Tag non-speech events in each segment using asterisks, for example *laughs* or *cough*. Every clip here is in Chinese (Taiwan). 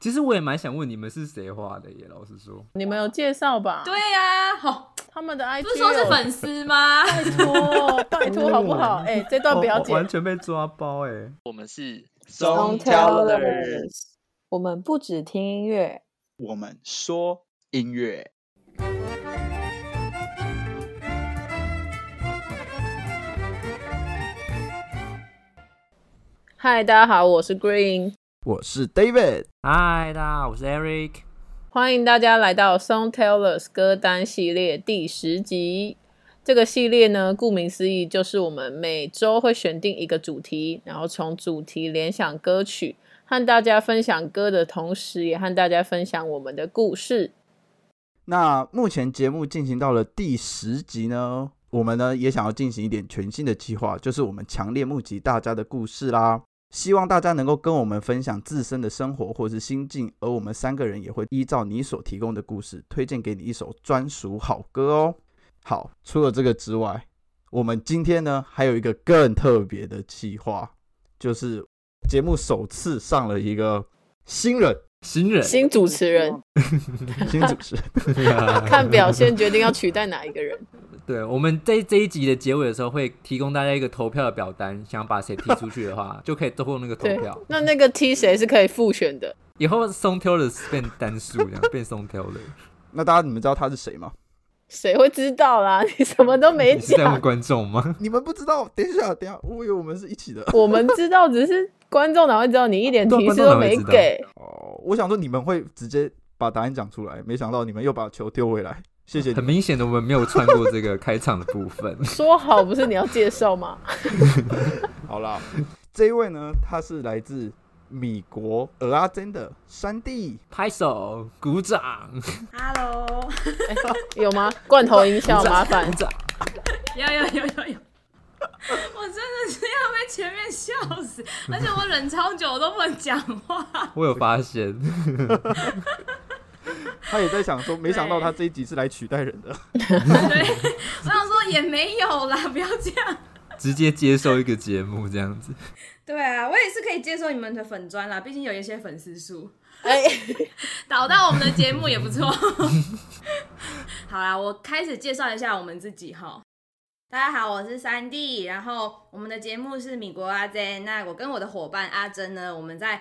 其實我也蠻想問你們是誰畫的耶，老實說，你們有介紹吧？對呀、啊，好、哦，他們的 I P、哦、不是說是粉絲嗎？ *laughs* 拜托， *laughs* 拜托好不好？哎、 *laughs* 欸，這段不要緊、哦哦、完全被抓包哎。 *laughs* 我們是 Songtellers，我們不只聽音樂，我們說音樂。嗨， *music* Hi, 大家好，我是 Green。我是 David，Hi 大家好，我是 Eric，歡迎大家來到 Songtellers 歌單系列第十集。這個系列呢，顧名思義，就是我們每周會選定一個主題，然後從主題聯想歌曲，和大家分享歌的同時，也和大家分享我們的故事。那目前節目進行到了第十集呢，我們呢也想要進行一點全新的計劃，就是我們強烈募集大家的故事啦。希望大家能夠跟我們分享自身的生活或者是心境，而我們三個人也會依照你所提供的故事，推薦給你一首專屬好歌哦。好，除了這個之外，我們今天呢還有一個更特別的企劃，就是節目首次上了一個新人，新人，新主持人， *laughs* 新主持人， *laughs* 看表現決定要取代哪一個人。對，我們在這，這一集的結尾的時候會提供大家一個投票的表單，想把誰踢出去的話， *laughs* 就可以都用那個投票。那那個踢誰是可以複選的？以後 Songtellers 變單數，這樣 *laughs* 變 Songteller 了。那大家你們知道他是誰嗎？誰會知道啦？你什麼都沒講。你在問觀眾嗎？ *laughs* 你們不知道？等一下，等一下，我以為我們是一起的。 *laughs* *laughs* 我們知道，只是觀眾哪會知道？你一點提示都沒給，啊啊。哦，我想說你們會直接把答案講出來，沒想到你們又把球丟回來。謝謝。很明顯的，我們沒有穿過這個開場的部分。 *laughs* 說好不是你要介紹嗎？ *laughs* 好了，這一位呢，他是來自米國蚵仔煎的3蒂，拍手鼓掌。Hello，、欸、有嗎？罐頭音效， *laughs* 鼓掌麻煩。有有有有有，我真的是要被前面笑死，而且我忍超久，我都不能講話。我有發現。 *laughs* *laughs* *laughs* 他也在想說，沒想到他這一集是來取代人的對。 *laughs* 對，我想說也沒有啦，不要這樣，直接接受一個節目這樣子。對啊，我也是可以接受你們的粉專啦，畢竟有一些粉絲數，哎， *laughs* 導到我們的節目也不錯。 *laughs* 好啦，我開始介紹一下我們自己哈。大家好，我是3蒂，然後我們的節目是米國蚵仔煎。那我跟我的夥伴阿珍呢，我們在。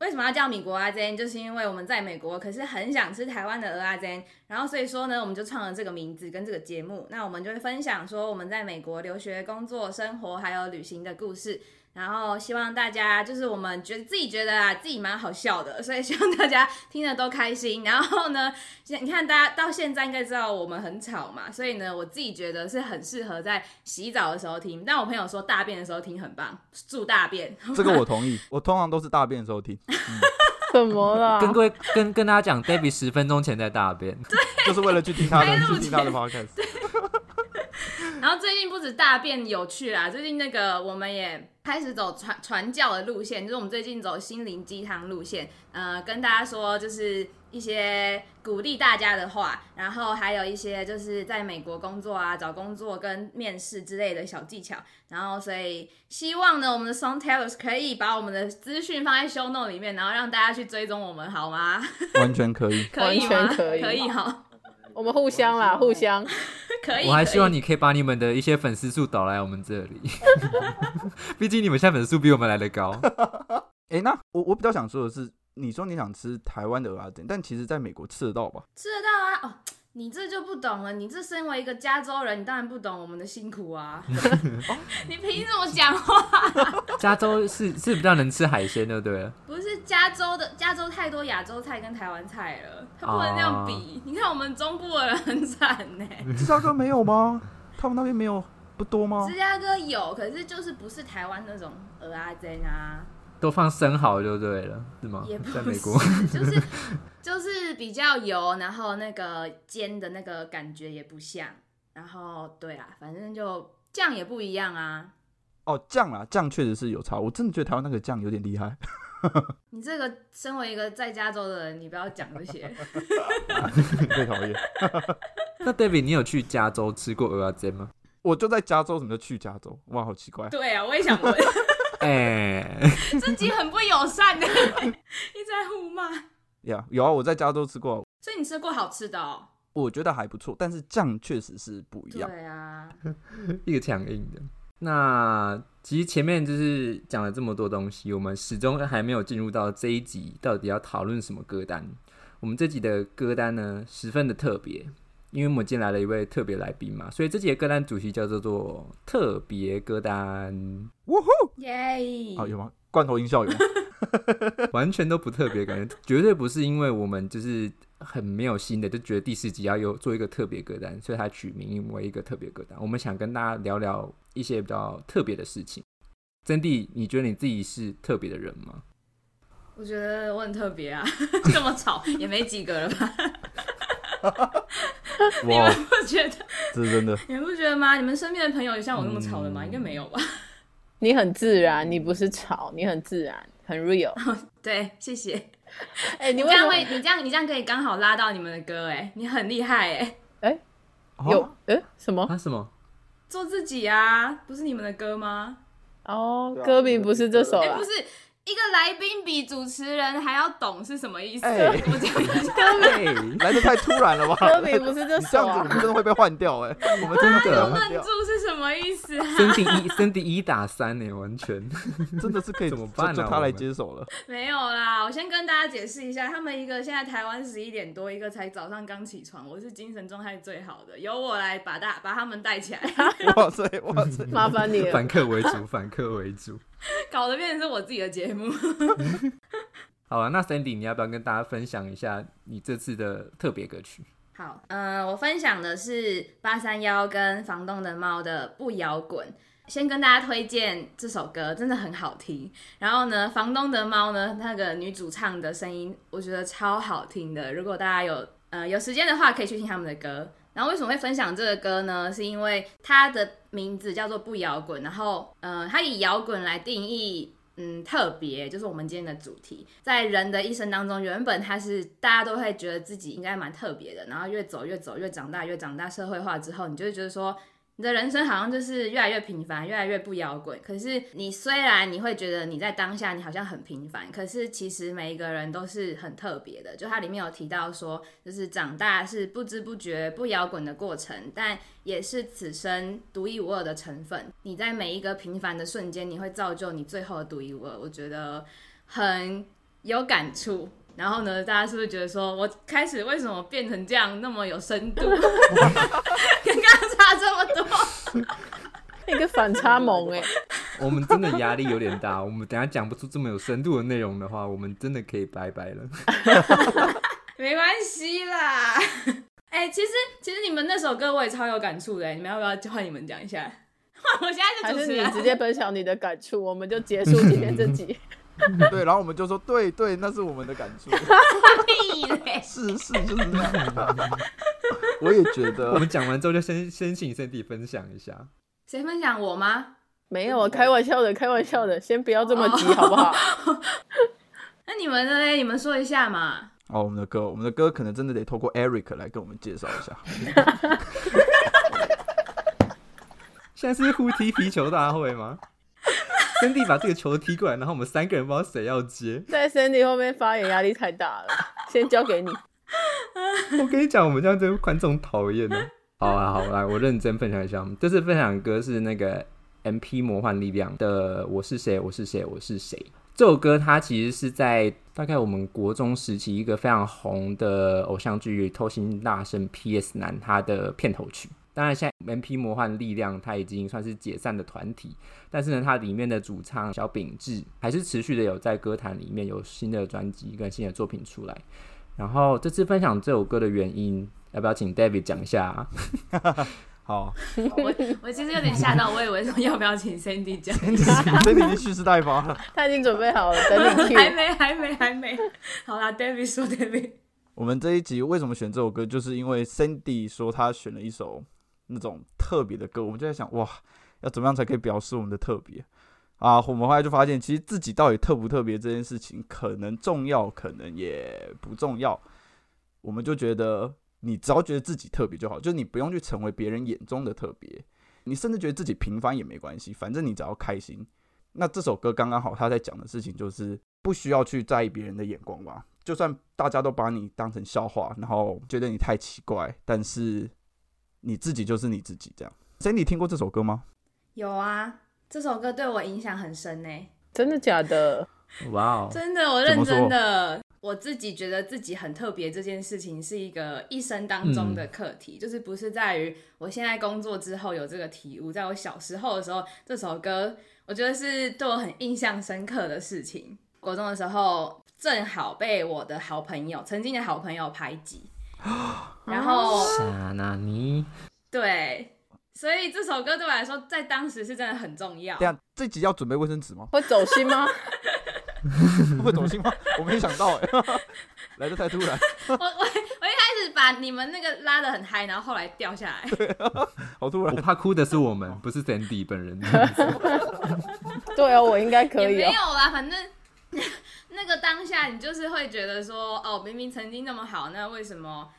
為什麼要叫“米國蚵仔煎”？就是因為我們在美國，可是很想吃台灣的蚵仔煎，然後所以說呢，我們就創了這個名字跟這個節目。那我們就會分享說我們在美國留學、工作、生活還有旅行的故事。然後希望大家就是我們覺得自己覺得啊自己蠻好笑的，所以希望大家聽了都開心。然後呢，現在你看大家到現在應該知道我們很吵嘛，所以呢，我自己覺得是很適合在洗澡的時候聽。但我朋友說大便的時候聽很棒，住大便。這個我同意， *laughs* 我通常都是大便的時候聽。怎、 *laughs* 嗯、麼了？跟各位跟跟大家講，David 十分鐘前在大便，對 *laughs* 就是為了去聽他的去聽他的 podcast。 *laughs* *laughs* 然後最近不止大便有趣啦，最近那個我們也開始走傳傳教的路線，就是我們最近走心靈雞湯路線，呃，跟大家說就是一些鼓勵大家的話，然後還有一些就是在美國工作啊、找工作跟面試之類的小技巧。然後所以希望呢，我們的 Songtellers 可以把我們的資訊放在 Show Note 裡面，然後讓大家去追蹤我們好嗎？完全可以， *laughs* 可以完全可以，可以，好，可以好，我們互相啦，互相。 *laughs* 我還希望你可以把你們的一些粉絲數導來我們這裡， *laughs* 畢竟你們現在粉絲數比我們來的高。哎、 *laughs* 欸，那我我比較想說的是，你說你想吃台灣的蚵仔煎，但其實在美國吃得到吧？吃得到啊，哦。你這就不懂了，你這身為一個加州人，你當然不懂我們的辛苦啊！ *laughs* 你憑什麼講話？ *laughs* 加州是是比較能吃海鮮的，對不對？不是加州的，加州太多亞洲菜跟台灣菜了，他不能那樣比，啊。你看我們中部的人很慘呢。芝加哥沒有嗎？他們那邊沒有不多嗎？芝加哥有，可是就是不是台灣那種蚵仔煎啊。都放生蠔就對了，是嗎？也不是在美國就是就是比較油，然後那個煎的那個感覺也不像，然後對啊，反正就醬也不一樣啊。哦，醬啊，醬確實是有差，我真的覺得台灣那個醬有點厲害。你這個身為一個在加州的人，你不要講這些，最討厭。 *laughs* 那 David，你有去加州吃過蚵仔煎嗎？我就在加州，怎麼就去加州？哇，好奇怪。對啊，我也想問。 *laughs* 哎，這集很不友善的， *laughs* 一直在互罵。呀、yeah，有啊，我在加州吃過。啊，所以你吃過好吃的哦。我覺得還不錯，但是醬確實是不一樣。對啊， *laughs* 一個強硬的。那其實前面就是講了這麼多東西，我們始終還沒有進入到這一集到底要討論什麼歌單。我們這集的歌單呢，十分的特別。因為我們進來了一位特別來賓嘛，所以這期的歌單主題叫做做特別歌單。哦呼，耶！哦，有嗎？罐頭音效有， *laughs* *laughs* 完全都不特別，感覺絕對不是因為我們就是很沒有心的，就覺得第四集要有做一個特別歌單，所以他取名為一個特別歌單。我們想跟大家聊聊一些比較特別的事情。3 *laughs* 蒂，你覺得你自己是特別的人嗎？我覺得我很特別啊， *laughs* 這麼吵，也沒幾個了吧。 *laughs* *laughs* *laughs* wow, 你們不覺得？是真的，你不覺得嗎？你們身邊的朋友有像我那麼吵的嗎？嗯、應該沒有吧。你很自然，你不是吵，你很自然，很 real。哦、對，謝謝、欸你。你這樣會，你這樣，你這樣可以剛好拉到你們的歌哎，你很厲害哎。哎、欸，有？哎，什麼？什麼？做自己啊，不是你們的歌嗎？哦，啊、歌名不是這首啊、欸，不是。一個來賓比主持人還要懂是什麼意思？我講的真美， *laughs* 欸、 *laughs* 來的太突然了吧？特別不是這首，啊， *laughs* 你這樣子我們真的會被換掉哎，欸， *laughs* 我們真的。 *laughs* 有問住是什麼意思？Sandy，啊、一 Sandy 一打三哎，欸，完全 *laughs* 真的是可以怎麼辦呢？ *laughs* 做 *laughs* 他來接手了。 *laughs* 沒有啦，我先跟大家解釋一下，他們一個現在台灣十一點多，一個才早上剛起床，我是精神狀態最好的，由我來把大把他們帶起來。哇 *laughs* 塞哇塞，哇塞 *laughs* 麻煩你了。 *laughs* 反客為主，反客為主。 *laughs* 搞得變成是我自己的節目、 *laughs* 嗯，好啊。那 Sandy，你要不要跟大家分享一下你這次的特別歌曲？好，呃，我分享的是八三夭跟房東的貓的《不搖滾》。先跟大家推薦這首歌，真的很好聽。然後呢，房東的貓呢，那個女主唱的聲音，我覺得超好聽的。如果大家有呃有時間的話，可以去聽他們的歌。然後為什麼會分享這個歌呢？是因為它的名字叫做不搖滾。然後，嗯、呃，它以搖滾來定義，嗯，特別就是我們今天的主題。在人的一生當中，原本他是大家都會覺得自己應該蠻特別的。然後越走越走，越長大越長大，社會化之後，你就會覺得說。你的人生好像就是越來越平凡，越來越不搖滾。可是你雖然你會覺得你在當下你好像很平凡，可是其實每一個人都是很特別的。就它裡面有提到說，就是長大是不知不覺不搖滾的過程，但也是此生獨一無二的成分。你在每一個平凡的瞬間，你會造就你最後的獨一無二。我覺得很有感觸。然後呢，大家是不是覺得說我開始為什麼變成這樣那麼有深度？剛剛。差這麼多， *laughs* 那 *laughs* 個反差萌哎 *laughs* ！我們真的壓力有點大，我們等下講不出這麼有深度的內容的話，我們真的可以拜拜了。 *laughs* *laughs* 沒關係啦，哎、欸，其實其實你們那首歌我也超有感觸的，你們要不要換你們講一下？ *laughs* 我現在就主持人，還是你直接分享你的感觸，我們就結束今天這集。 *laughs* *laughs* 對，然後我們就說，對對，那是我們的感觸 *laughs* 。是是，就是這樣的。我也覺得。我們講完之後，就先先請 Sandy 分享一下。誰分享我嗎？沒有啊，我開玩笑的，開玩笑的，先不要這麼急，oh. 好不好？ *laughs* 那你們的呢？你們說一下嘛。哦，我們的歌，我們的歌可能真的得透過 Eric 來跟我們介紹一下。 *laughs* *laughs* *laughs* 現在是呼踢皮球大會嗎？Sandy 把這個球踢過來，然後我們三個人不知道誰要接。在 Sandy 後面發言壓力太大了， *laughs* 先交給你。我跟你講，我們這樣子觀眾討厭的、啊 *laughs* 好。好啊，好來，我認真分享一下。這次分享的歌是那個 MP 魔幻力量的《我是誰》，我是誰，我是誰。這首歌它其實是在大概我們國中時期一個非常紅的偶像劇《偷心大聖 PS 男》他的片頭曲。當然，現在 M P 魔幻力量它已經算是解散的團體，但是呢，它裡面的主唱小秉志還是持續的有在歌壇裡面有新的專輯跟新的作品出來。然後這次分享這首歌的原因，要不要請 David 講一下啊？ *laughs* 好， *laughs* 我我其實有點嚇到，我以為說要不要請 Sandy 講一下，Sandy，Sandy 蓄勢待發了， *laughs* 他已經準備好了，等你聽。還沒，還沒，還沒。好啦，David 說，David，我們這一集為什麼選這首歌，就是因為 Sandy 說他選了一首。那種特別的歌，我們就在想哇，要怎麼樣才可以表示我們的特別啊？我們後來就發現，其實自己到底特不特別這件事情，可能重要，可能也不重要。我們就覺得，你只要覺得自己特別就好，就你不用去成為別人眼中的特別，你甚至覺得自己平凡也沒關係，反正你只要開心。那這首歌剛剛好，他在講的事情就是，不需要去在意別人的眼光吧？就算大家都把你當成笑話，然後覺得你太奇怪，但是。你自己就是你自己，這樣。所以你聽過這首歌嗎？有啊，這首歌對我影響很深呢、欸。真的假的？哇哦！真的，我認真的。我自己覺得自己很特別這件事情，是一個一生當中的課題、嗯，就是不是在於我現在工作之後有這個體悟，在我小時候的時候，這首歌我覺得是對我很印象深刻的事情。國中的時候，正好被我的好朋友，曾經的好朋友排擠。然後，傻。對，所以這首歌對我來說，在當時是真的很重要。對，這集要準備衛生紙嗎？會走心嗎？ *laughs* 會，會走心嗎？我沒想到、欸，哎， *laughs* 來得太突然。 *laughs* 我我我一開始把你們那個拉得很嗨，然後後來掉下來、啊。好突然！我怕哭的是我們，不是 Sandy 本人。 *laughs* *laughs* *laughs* 對啊，我應該可以、哦。沒有啦，反正。 *laughs* 那個當下，你就是會覺得說，哦，明明曾經那麼好，那為什麼？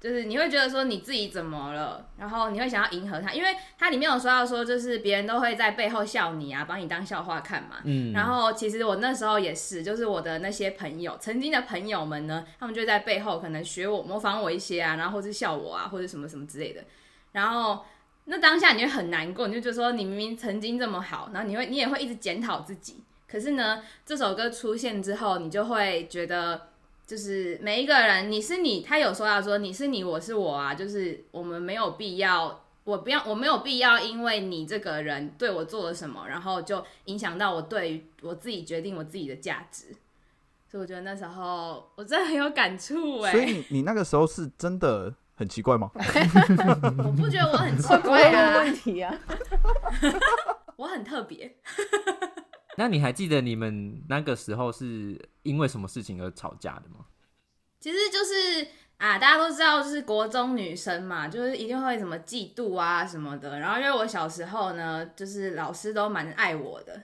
就是你會覺得說你自己怎麼了？然後你會想要迎合他，因為他裡面有說到說，就是別人都會在背後笑你啊，把你當笑話看嘛。嗯。然後其實我那時候也是，就是我的那些朋友，曾經的朋友們呢，他們就在背後可能學我、模仿我一些啊，然後或是笑我啊，或者什麼什麼之類的。然後那當下你就很難過，你就覺得說，你明明曾經這麼好，然後你會，你也會一直檢討自己。可是呢，這首歌出現之後，你就會覺得，就是每一個人，你是你，他有說到說你是你，我是我啊，就是我們沒有必要，我不要，我沒有必要，因為你這個人對我做了什麼，然後就影響到我對於我自己決定我自己的價值。所以我覺得那時候我真的很有感觸哎、欸。所以你你那個時候是真的很奇怪嗎？ *laughs* *laughs* 我不覺得我很奇怪啊。 *laughs* 我很特別。 *laughs* 那你還記得你們那個時候是因為什麼事情而吵架的嗎？其實就是啊，大家都知道，就是國中女生嘛，就是一定會什麼嫉妒啊什麼的。然後因為我小時候呢，就是老師都蠻愛我的，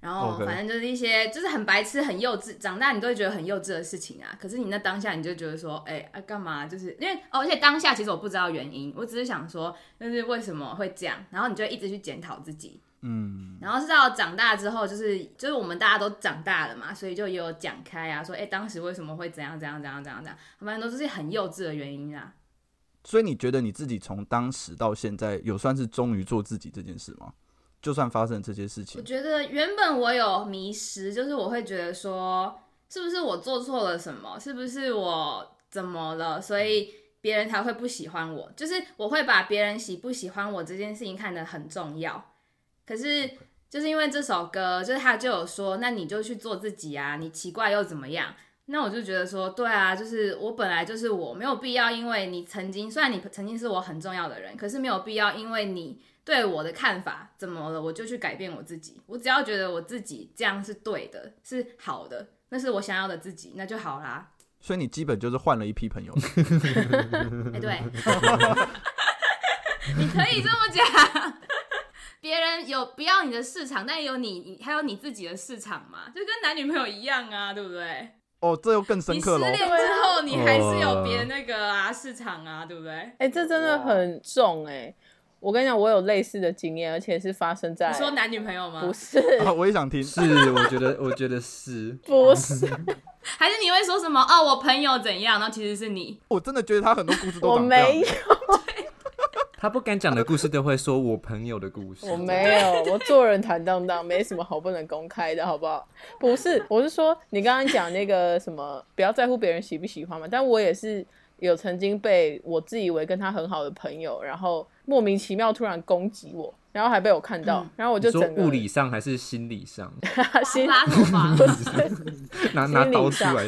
然後反正就是一些、okay. 就是很白痴、很幼稚，長大你都會覺得很幼稚的事情啊。可是你那當下你就覺得說，哎、欸，啊幹嘛？就是因為哦，而且當下其實我不知道原因，我只是想說，就是為什麼會這樣？然後你就一直去檢討自己。嗯，然後是到長大之後，就是就是我們大家都長大了嘛，所以就也有講開啊，說哎、欸，當時為什麼會怎樣怎樣怎樣怎樣怎樣，他們都是很幼稚的原因啊。所以你覺得你自己從當時到現在，有算是忠於做自己這件事嗎？就算發生這些事情，我覺得原本我有迷失，就是我會覺得說，是不是我做錯了什麼？是不是我怎麼了？所以別人才會不喜歡我？就是我會把別人喜不喜歡我這件事情看得很重要。可是，就是因為這首歌，就是他就有說，那你就去做自己啊！你奇怪又怎麼樣？那我就覺得說，對啊，就是我本來就是我，沒有必要因為你曾經，雖然你曾經是我很重要的人，可是沒有必要因為你對我的看法怎麼了，我就去改變我自己。我只要覺得我自己這樣是對的，是好的，那是我想要的自己，那就好啦。所以你基本就是換了一批朋友。哎、 *laughs* 欸，對， *laughs* *laughs* *laughs* 你可以這麼講。別人有不要你的市場，但有你，還有你自己的市場嘛？就跟男女朋友一樣啊，對不對？哦，這又更深刻了。你失戀之後，你還是有別那個啊、呃、市場啊，對不對？哎、欸，這真的很重哎、欸！我跟你講，我有類似的經驗，而且是發生在你說男女朋友嗎？不是、啊，我也想聽。是，我覺得， *laughs* 我覺得是，不是？ *laughs* 還是你會說什麼？哦、啊，我朋友怎樣？然後其實是你。我真的覺得他很多故事都長這樣。我沒有他不敢講的故事都會說，我朋友的故事。我沒有，我做人坦蕩蕩， *laughs* 沒什麼好不能公開的，好不好？不是，我是說，你剛剛講那個什麼，不要在乎別人喜不喜歡嘛。但我也是有曾經被我自以為跟他很好的朋友，然後莫名其妙突然攻擊我。然後還被我看到，嗯、然後我就整個說，物理上還是心理上， *laughs* 心， *laughs* 不是 *laughs* 心理上拿拿刀出來，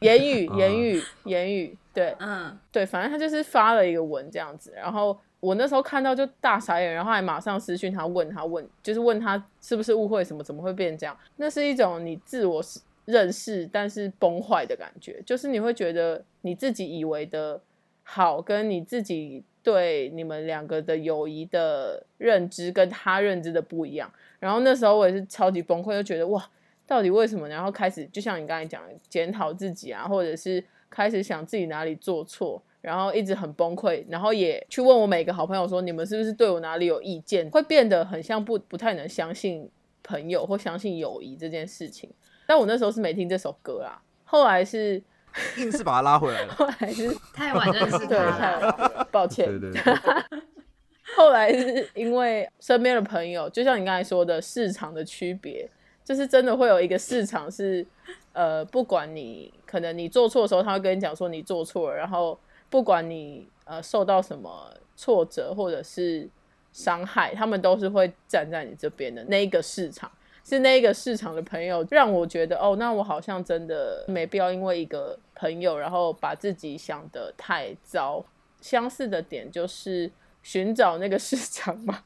言語言語言語，對，嗯，對，反正他就是發了一個文這樣子，然後我那時候看到就大傻眼，然後還馬上私訊他問他問，就是問他是不是誤會什麼，怎麼會變成這樣？那是一種你自我認識但是崩壞的感覺，就是你會覺得你自己以為的好跟你自己。對你們兩個的友誼的認知跟他認知的不一樣，然後那時候我也是超級崩潰，就覺得哇，到底為什麼？然後開始就像你剛才講的，檢討自己啊，或者是開始想自己哪裡做錯，然後一直很崩潰，然後也去問我每個好朋友說，你們是不是對我哪裡有意見？會變得很像不不太能相信朋友或相信友誼這件事情。但我那時候是沒聽這首歌啦，後來是。硬 *laughs* 是把他拉回來了。後來是 *laughs* 太晚認識了。 *laughs* 對，太晚。抱歉。 *laughs* 後來是因為身邊的朋友，就像你剛才說的市場的區別，就是真的會有一個市場是，呃，不管你可能你做錯的時候，他會跟你講說你做錯了，然後不管你呃受到什麼挫折，或者是傷害，他們都是會站在你這邊的那一個市場。是那個市場的朋友讓我覺得哦，那我好像真的沒必要因為一個朋友然後把自己想得太糟。相似的點就是尋找那個市場嘛，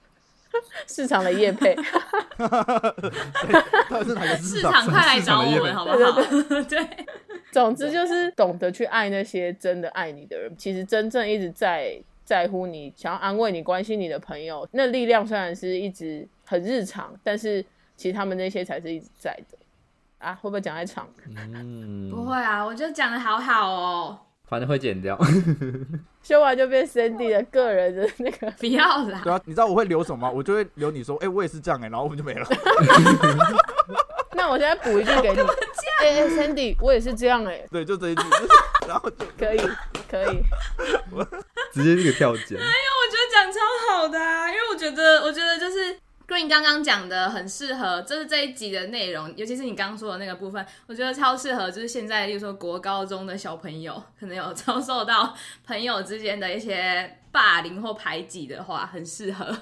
市場的業配。 *laughs* *laughs* 市場快 *laughs* 來找我們好不好？對，對，對， *laughs* 對，總之就是懂得去愛那些真的愛你的人。其實真正一直在在乎你、想要安慰你、關心你的朋友，那力量雖然是一直很日常，但是。其實他們那些才是一直在的啊，會不會講太長？不會啊，我覺得講的好好哦，喔。反正會剪掉 *laughs* ，修完就變 Sandy 的個人的那個不要了。對啊，你知道我會留什麼嗎？我就會留你說，哎，欸，我也是這樣哎，欸，然後我們就沒了。 *laughs* *laughs* *laughs* 那我現在補一句給你，哎、 *laughs* 欸欸、，Sandy，我也是這樣哎，欸。 *laughs* 對，就這一句，然後就 *laughs* 可以，可以， *laughs* 直接一個跳剪。 *laughs* 哎呀，我覺得講超好的，啊，因為我覺得，我覺得就是。跟你剛剛講的很適合，就是這一集的內容，尤其是你剛剛說的那個部分，我覺得超適合。就是現在，例如說國高中的小朋友，可能有遭受到朋友之間的一些霸凌或排擠的話，很適合。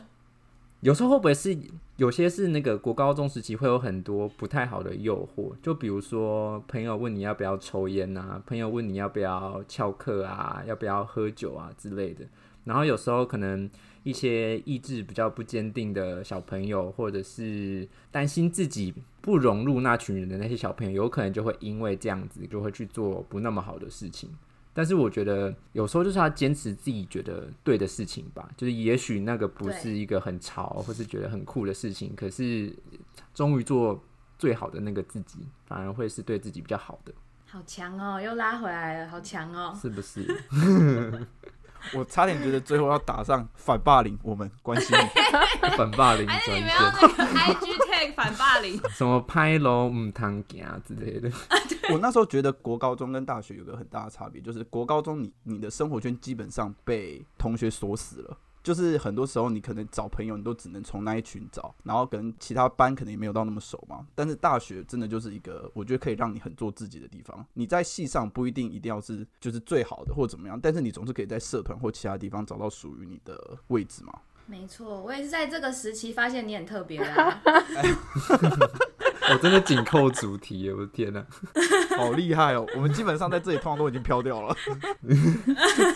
有時候會不會是有些是那個國高中時期會有很多不太好的誘惑？就比如說朋友問你要不要抽煙吶、啊，朋友問你要不要翹課啊，要不要喝酒啊之類的。然後有時候可能。一些意志比較不堅定的小朋友，或者是擔心自己不融入那群人的那些小朋友，有可能就會因為這樣子，就會去做不那麼好的事情。但是我覺得，有時候就是要堅持自己覺得對的事情吧。就是也許那個不是一個很潮或是覺得很酷的事情，可是忠於做最好的那個自己，反而會是對自己比較好的。好強哦，又拉回來了，好強哦，是不是？ *laughs* *laughs* *laughs* 我差點覺得最後要打上反霸凌，我們關心你 *laughs* *laughs* 反霸凌專一。IG tag 反霸凌， *laughs* *laughs* 什麼拍樓、唔湯鏡之類的。 *laughs* *laughs* 我那時候覺得國高中跟大學有個很大的差別，就是國高中你你的生活圈基本上被同學鎖死了。就是很多時候，你可能找朋友，你都只能從那一群找，然後可能其他班可能也沒有到那麼熟嘛。但是大學真的就是一個，我覺得可以讓你很做自己的地方。你在系上不一定一定要是就是最好的或怎麼樣，但是你總是可以在社團或其他地方找到屬於你的位置嘛。沒錯，我也是在這個時期發現你很特別啊。 *laughs* 哎、 *laughs* 我真的緊扣主題，我的天哪、啊！ *laughs* 好厲害哦！ *laughs* 我們基本上在這裡通常都已經飄掉了， *laughs*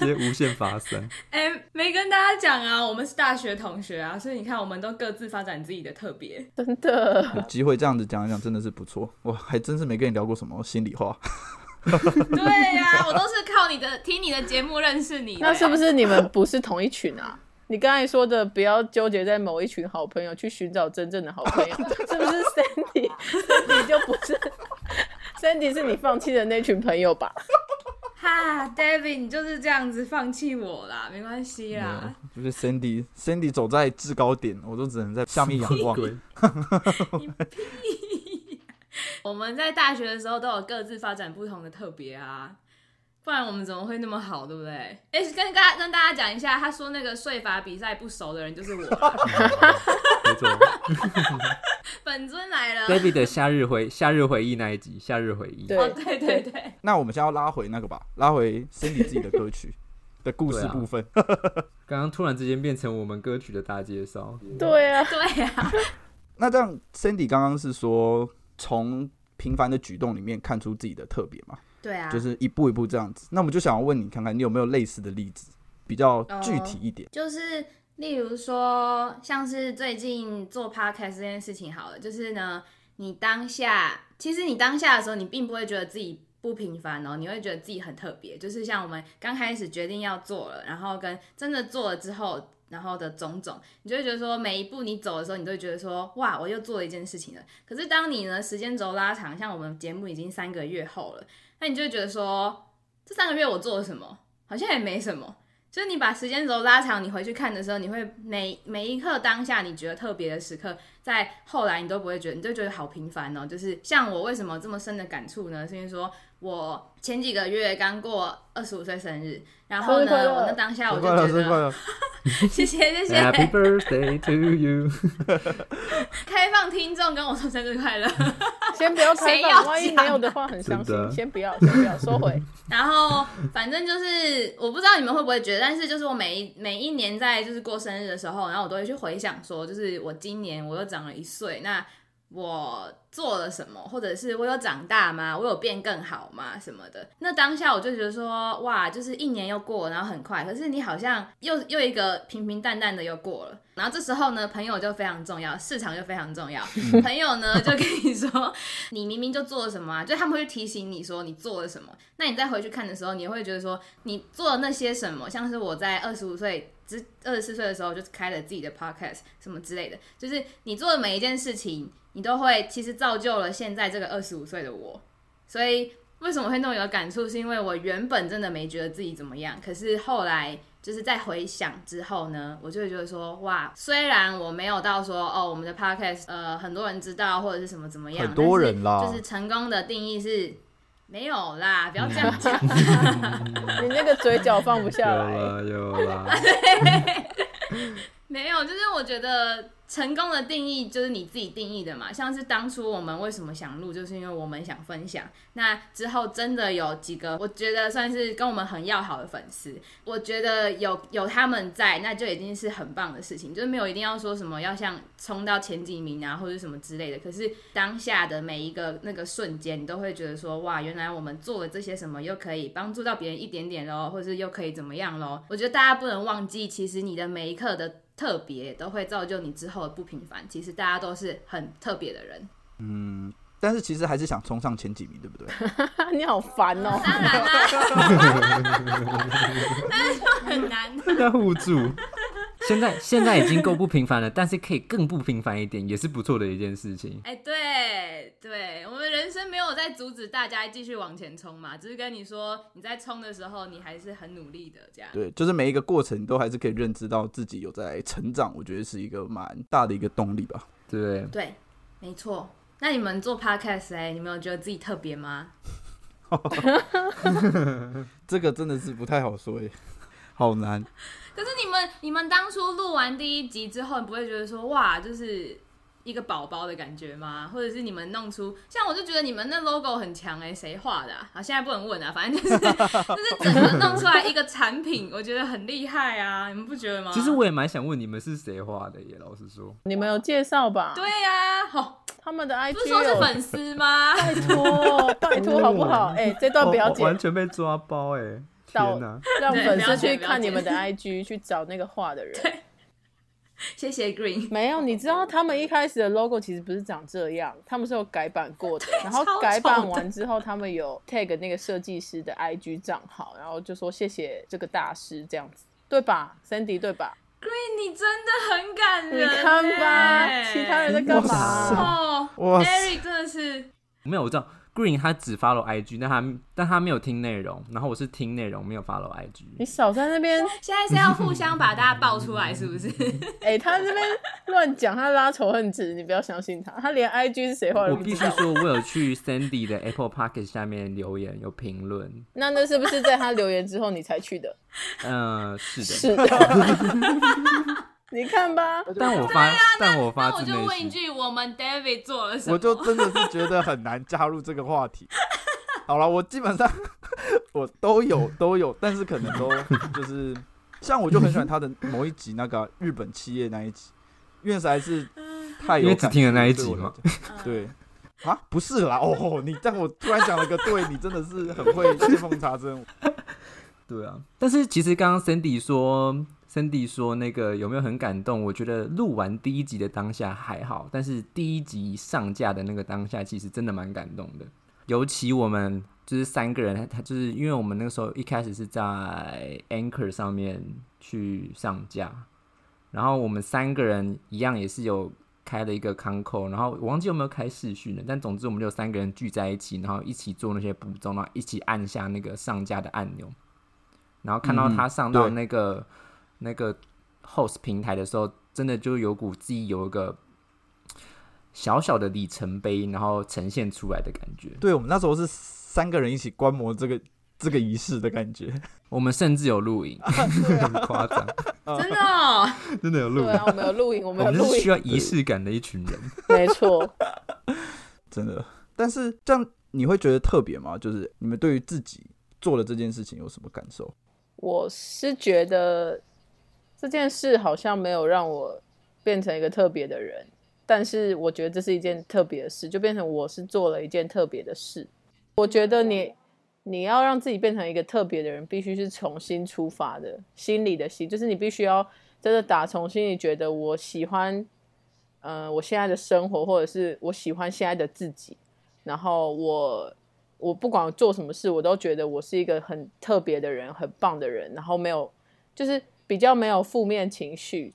直接無限發生。哎、欸，沒跟大家講啊，我們是大學同學啊，所以你看，我們都各自發展自己的特別，真的有機、啊、會這樣子講一講，真的是不錯。我還真是沒跟你聊過什麼心裡話。 *laughs* 對呀、啊，我都是靠你的 *laughs* 聽你的節目認識你的、欸。那是不是你們不是同一群啊？你剛才說的不要糾結在某一群好朋友，去尋找真正的好朋友， *laughs* 是不是？Sandy，你 *laughs* 就不是。 *laughs* Sandy 是你放棄的那群朋友吧？ *laughs* 哈，David，你就是這樣子放棄我啦，沒關係啦。No, 就是，Sandy，Sandy *laughs* 走在制高點，我都只能在下面仰望。 *laughs* 你屁 *laughs* 我們在大學的時候都有各自發展不同的特別啊。不然我們怎麼會那麼好，對不對？哎、欸，跟跟大家講一下，他說那個稅法比賽不熟的人就是我。 *laughs* *laughs* *laughs* *laughs* 本尊來了，Baby 的夏日回夏日回憶那一集，夏日回憶對、哦。對對對對。那我們先要拉回那個吧，拉回 Cindy 自己的歌曲 *laughs* 的故事部分。剛剛、啊、 *laughs* 突然之間變成我們歌曲的大介紹。 *laughs* 對啊，對啊。那這樣，Cindy 剛剛是說，從平凡的舉動裡面看出自己的特別嘛？對啊，就是一步一步這樣子。那我們就想要問你，看看你有沒有類似的例子，比較具體一點。呃，就是例如說，像是最近做 Podcast 這件事情好了。就是呢，你當下其實你當下的時候，你並不會覺得自己不平凡哦、喔，你會覺得自己很特別。就是像我們剛開始決定要做了，然後跟真的做了之後。然後的種種，你就會覺得說，每一步你走的時候，你都會覺得說，哇，我又做了一件事情了。可是當你呢，時間軸拉長，像我們節目已經三個月後了，那你就會覺得說，這三個月我做了什麼，好像也沒什麼。就是你把時間軸拉長，你回去看的時候，你會每每一刻當下你覺得特別的時刻，在後來你都不會覺得，你就覺得好平凡哦。就是像我為什麼這麼深的感觸呢？是因為說。我前幾個月剛過二十五歲生日，然後呢，我那當下我就覺得， *laughs* 謝謝謝謝，Happy Birthday to you，開放聽眾跟我說生日快樂，先不要開放，誰要講？萬一沒有的話很傷心，先不要，先不要收回。然後反正就是，我不知道你們會不會覺得，但是就是我每一每一年在就是過生日的時候，然後我都會去回想說，就是我今年我又長了一歲，那，我做了什麼，或者是我有長大嗎？我有變更好嗎？什麼的？那當下我就覺得說，哇，就是一年又過了，然後很快。可是你好像又又一個平平淡淡的又過了。然後這時候呢，朋友就非常重要，市場就非常重要。朋友呢就跟你說， *laughs* 你明明就做了什麼啊，就他們會提醒你說你做了什麼。那你再回去看的時候，你會覺得說你做了那些什麼？像是我在二十五歲。二十四歲的時候，就是開了自己的 podcast 什麼之類的，就是你做的每一件事情，你都會其實造就了現在這個二十五歲的我。所以為什麼會那麼有感觸，是因為我原本真的沒覺得自己怎麼樣，可是後來就是在回想之後呢，我就會覺得說，哇，雖然我沒有到說哦，我們的 podcast 呃很多人知道或者是什麼怎麼樣，很多人啦，但是就是成功的定義是。沒有啦，不要這樣講啦。 *laughs* *laughs* *laughs* 你那個嘴角放不下來。有啊有啊、 *laughs* *laughs* 沒有，就是我覺得。成功的定義就是你自己定義的嘛，像是當初我們為什麼想錄，就是因為我們想分享。那之後真的有幾個，我覺得算是跟我們很要好的粉絲，我覺得有有他們在，那就已經是很棒的事情。就是沒有一定要說什麼要像衝到前幾名啊，或者什麼之類的。可是當下的每一個那個瞬間，你都會覺得說，哇，原來我們做了這些什麼，又可以幫助到別人一點點嘍，或是又可以怎麼樣嘍。我覺得大家不能忘記，其實你的每一刻的。特別都會造就你之後的不平凡。其實大家都是很特別的人。嗯，但是其實還是想衝上前幾名，對不對？ *laughs* 你好煩煩哦！ *laughs* 奶奶 *laughs* *laughs* 但是很難。那互助。現在現在已經夠不平凡了， *laughs* 但是可以更不平凡一點，也是不錯的一件事情。哎、欸，對對，我們人生沒有在阻止大家繼續往前衝嘛，只、就是跟你說你在衝的時候，你還是很努力的這樣。對，就是每一個過程都還是可以認知到自己有在成長，我覺得是一個蠻大的一個動力吧。對對，沒錯。那你們做 podcast 哎、欸，你們有覺得自己特別嗎？ *laughs* *laughs* *laughs* *laughs* 這個真的是不太好說耶，好難。可是你們，你們當初錄完第一集之後，你不會覺得說，哇，就是一個寶寶的感覺嗎？或者是你們弄出，像我就覺得你們那 logo 很強哎、欸，誰畫的啊？啊，現在不能問啊，反正就是就是整個弄出來一個產品， *laughs* 我覺得很厲害啊，你們不覺得嗎？其實我也蠻想問你們是誰畫的耶，老實說，你們有介紹吧？對呀、啊，好、哦，他們的 IG 不是說是粉絲嗎？ *laughs* 拜托拜托好不好？哎、欸，這段不要剪，哦、我完全被抓包哎、欸。到讓粉絲去看你們的 IG，去找那個畫的人。對，謝謝 Green。沒有，你知道他們一開始的 logo 其實不是長這樣，他們是有改版過的。然後改版完之後，他們有 tag 那個設計師的 IG 賬號，然後就說謝謝這個大師這樣子，對吧？Sandy，對吧？Green，你真的很感人。你看吧，其他人在幹嘛？哦，Eddy 真的是沒有，我這樣。他只發了 IG，但他但他沒有聽內容，然後我是聽內容，沒有發了 IG。你少在那邊，現在是要互相把大家爆出來是不是？哎、 *laughs* 欸，他在這邊亂講，他拉仇恨值，你不要相信他。他連 IG 是誰畫的，我必須說，我有去 Sandy 的 Apple Podcast 下面留言，有評論。 *laughs* 那那是不是在他留言之後你才去的？嗯 *laughs* 呃，是的，是的。 *laughs* 你看吧，但我發，但我發自內心。我就問一句，我們 David 做了什麼？我就我真的是覺得很難加入這個話題。 *laughs* 好了，我基本上我都有都有，但是可能都就是像我就很喜歡他的某一集那個日本企業那一集，因為實在是太有，因為只聽了那一集嘛。對、嗯、對啊，不是啦，哦，你這樣我突然講了個對，你真的是很會見縫插針。對啊，但是其實剛剛 Sandy 說。Sandy 說：“那個有沒有很感動？我覺得錄完第一集的當下還好，但是第一集上架的那個當下，其實真的蠻感動的。尤其我們就是三個人，他就是因為我們那個時候一開始是在 Anchor 上面去上架，然後我們三個人一樣也是有開了一個 Concall，然後我忘記有沒有開視訊了。但總之，我們就三個人聚在一起，然後一起做那些補充啊，然後一起按下那個上架的按鈕，然後看到他上到那個。嗯”那個 host 平台的時候，真的就有股自己有一個小小的里程碑，然後呈現出來的感覺。對，我們那時候是三個人一起觀摩這個這個儀式的感覺。我們甚至有錄影，誇、啊、張、啊， *laughs* 真的、喔，真的有錄影。對、啊、我們有錄影，我們有錄影。我們是需要儀式感的一群人，沒錯，真的。但是這樣你會覺得特別嗎？就是你們對於自己做的這件事情有什麼感受？我是覺得。這件事好像沒有讓我變成一個特別的人，但是我覺得這是一件特別的事，就變成我是做了一件特別的事。我覺得你你要讓自己變成一個特別的人，必須是重新出發的心裡的“心”，就是你必須要真的打從心裡覺得我喜歡、呃，我現在的生活，或者是我喜歡現在的自己。然後我我不管做什麼事，我都覺得我是一個很特別的人，很棒的人。然後沒有就是。比較沒有負面情緒，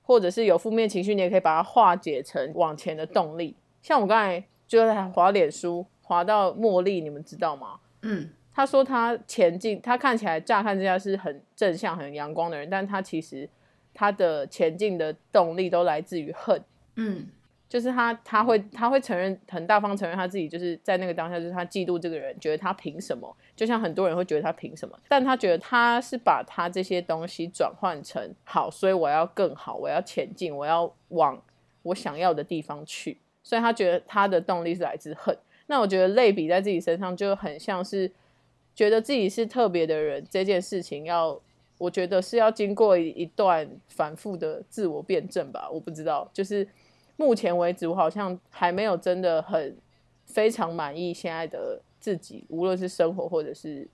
或者是有負面情緒，你也可以把它化解成往前的動力。像我剛才就他滑臉書，滑到茉莉，你們知道嗎？嗯，他說他前進，他看起來乍看之下是很正向、很陽光的人，但他其實他的前進的動力都來自於恨。嗯。就是他，他會，他會承認很大方承認他自己，就是在那個當下，就是他嫉妒這個人，覺得他憑什麼？就像很多人會覺得他憑什麼？但他覺得他是把他這些東西轉換成好，所以我要更好，我要前進，我要往我想要的地方去。所以他覺得他的動力是來自恨。那我覺得類比在自己身上就很像是覺得自己是特別的人這件事情要，要我覺得是要經過一，一段反覆的自我辯證吧，我不知道，就是。目前為止，我好像還沒有真的很非常滿意現在的自己，無論是生活或者是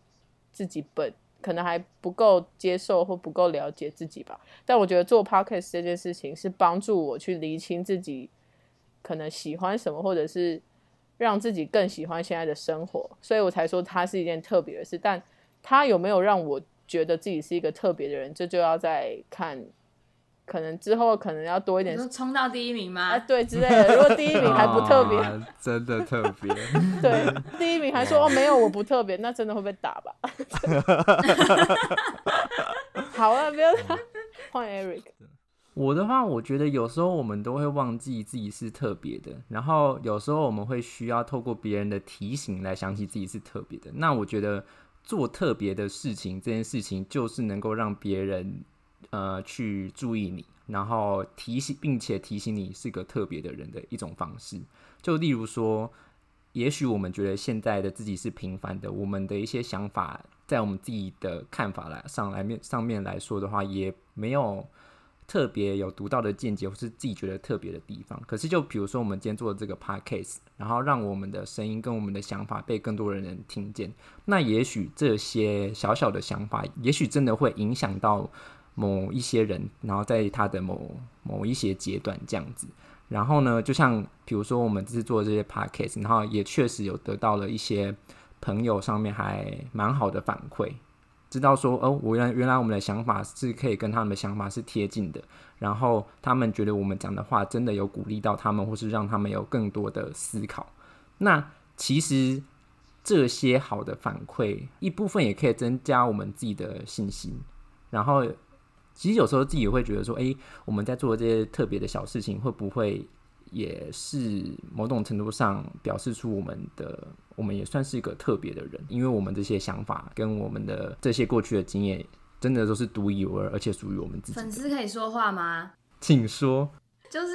自己本可能還不夠接受或不夠了解自己吧。但我覺得做 podcast 這件事情是幫助我去釐清自己可能喜歡什麼，或者是讓自己更喜歡現在的生活，所以我才說它是一件特別的事。但它有沒有讓我覺得自己是一個特別的人，這就,就要再看。可能之後可能要多一點，是衝到第一名嗎？啊、對之類的。如果第一名還不特別，哦、 *laughs* 真的特別。對， *laughs* 第一名還說 *laughs* 哦，沒有，我不特別，那真的會被打吧？ *laughs* 好了、啊，不要換、哦、Eric。我的話，我覺得有時候我們都會忘記自己是特別的，然後有時候我們會需要透過別人的提醒來想起自己是特別的。那我覺得做特別的事情這件事情，就是能夠讓別人。呃，去注意你，然後提醒，並且提醒你是個特別的人的一種方式。就例如說，也許我們覺得現在的自己是平凡的，我們的一些想法，在我們自己的看法來上來面上面來說的話，也沒有特別有獨到的見解，或是自己覺得特別的地方。可是，就比如說我們今天做的這個 podcast，然後讓我們的聲音跟我們的想法被更多人能聽見，那也許這些小小的想法，也許真的會影響到。某一些人，然後在他的某某一些階段這樣子，然後呢，就像比如說我們制作做這些 package 然後也確實有得到了一些朋友上面還蠻好的反饋，知道說哦，我原來原來我們的想法是可以跟他們的想法是貼近的，然後他們覺得我們講的話真的有鼓勵到他們，或是讓他們有更多的思考。那其實這些好的反饋，一部分也可以增加我們自己的信心，然後。其實有時候自己也會覺得說，哎、欸，我們在做這些特別的小事情，會不會也是某種程度上表示出我們的，我們也算是一個特別的人，因為我們這些想法跟我們的這些過去的經驗，真的都是獨一無二，而且屬於我們自己。粉絲可以說話嗎？請說。就是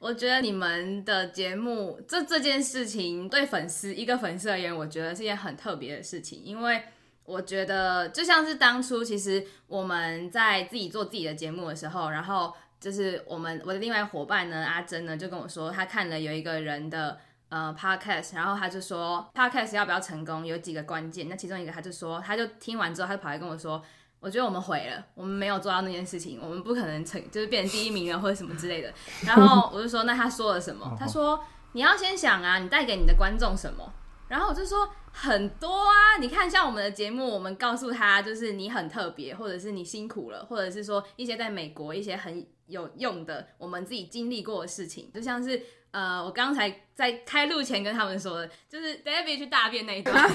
我覺得你們的節目這這件事情，對粉絲一個粉絲而言，我覺得是一件很特別的事情，因為。我覺得就像是當初，其實我們在自己做自己的節目的時候，然後就是我們我的另外一夥伴呢，阿珍呢就跟我說，他看了有一個人的呃 podcast，然後他就說，podcast 要不要成功有幾個關鍵，那其中一個他就說，他就聽完之後，他就跑來跟我說，我覺得我們毀了，我們沒有做到那件事情，我們不可能成，就是變成第一名了 *laughs* 或者什麼之類的。然後我就說，那他說了什麼？ *laughs* 他說你要先想啊，你帶給你的觀眾什麼。然後我就說很多啊，你看像我們的節目，我們告訴他就是你很特別，或者是你辛苦了，或者是說一些在美國一些很有用的我們自己經歷過的事情，就像是呃，我剛才在開錄前跟他們說的，就是 David 去大便那一段， *laughs* *laughs*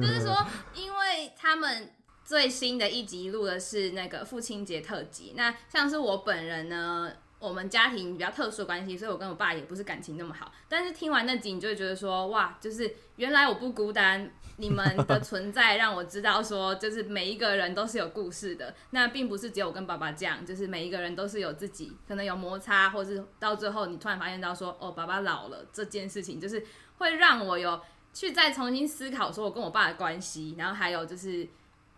就是說因為他們最新的一集一錄的是那個父親節特輯，那像是我本人呢。我們家庭比較特殊的關係，所以我跟我爸也不是感情那麼好。但是聽完那集，你就會覺得說，哇，就是原來我不孤單，你們的存在讓我知道，說就是每一個人都是有故事的。那並不是只有我跟爸爸這樣，就是每一個人都是有自己，可能有摩擦，或是到最後你突然發現到說，哦，爸爸老了這件事情，就是會讓我有去再重新思考說我跟我爸的關係，然後還有就是。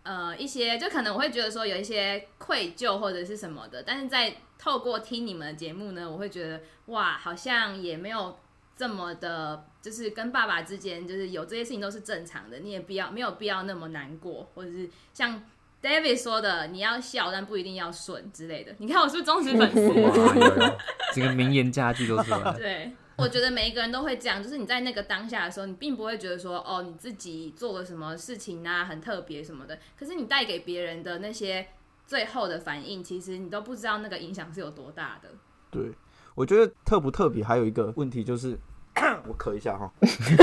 呃，一些就可能我會覺得說有一些愧疚或者是什麼的，但是在透過聽你們的節目呢，我會覺得哇，好像也沒有這麼的，就是跟爸爸之間就是有這些事情都是正常的，你也不要沒有必要那麼難過，或者是像 David 說的，你要笑但不一定要順之類的。你看我是不是忠實粉絲？整 *laughs* 個名言佳句都是。對。我覺得每一個人都會這樣，就是你在那個當下的時候，你並不會覺得說哦，你自己做了什麼事情啊，很特別什麼的。可是你帶給別人的那些最後的反應，其實你都不知道那個影響是有多大的。對，我覺得特不特別，還有一個問題就是，咳我咳一下哈，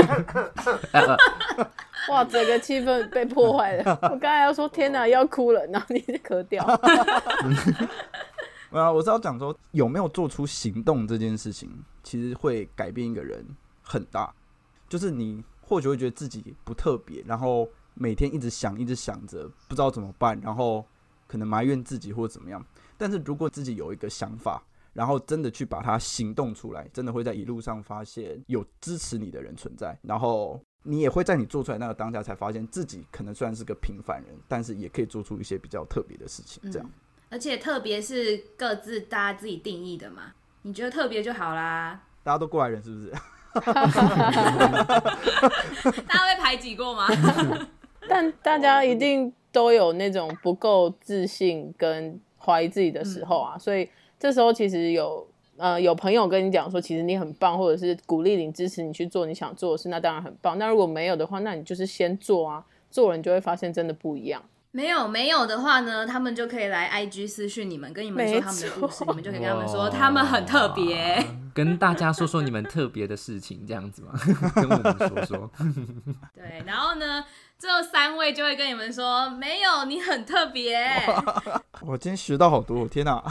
*laughs* *laughs* *laughs* 哇，整個氣氛被破壞了。我剛才要說天哪、啊，要哭了，然後你就咳掉。 *laughs* *laughs* 我是要講說有沒有做出行動這件事情。其實會改變一個人很大，就是你或許會覺得自己不特別，然後每天一直想，一直想着不知道怎麼辦，然後可能埋怨自己或怎麼樣。但是如果自己有一個想法，然後真的去把它行動出來，真的會在一路上發現有支持你的人存在，然後你也會在你做出來那個當下才發現自己可能雖然是個平凡人，但是也可以做出一些比較特別的事情、嗯。這樣，而且特別是各自大家自己定義的嘛。你覺得特別就好啦，大家都過來人是不是？ *laughs* *laughs* *laughs* 大家被排擠過嗎？ *laughs* *laughs* 但大家一定都有那種不夠自信跟懷疑自己的時候啊、嗯，所以這時候其實有呃有朋友跟你講說，其實你很棒，或者是鼓勵你、支持你去做你想做的事，那當然很棒。那如果沒有的話，那你就是先做啊，做了你就會發現真的不一樣。沒有沒有的話呢，他們就可以來 I G 私訊你們，跟你們說他們的故事，你們就可以跟他們說他們很特別，跟大家說說你們特別的事情，這樣子嘛，跟我們說說。 *laughs* 對，然後呢，這三位就會跟你們說，沒有你很特別。我今天學到好多，天哪！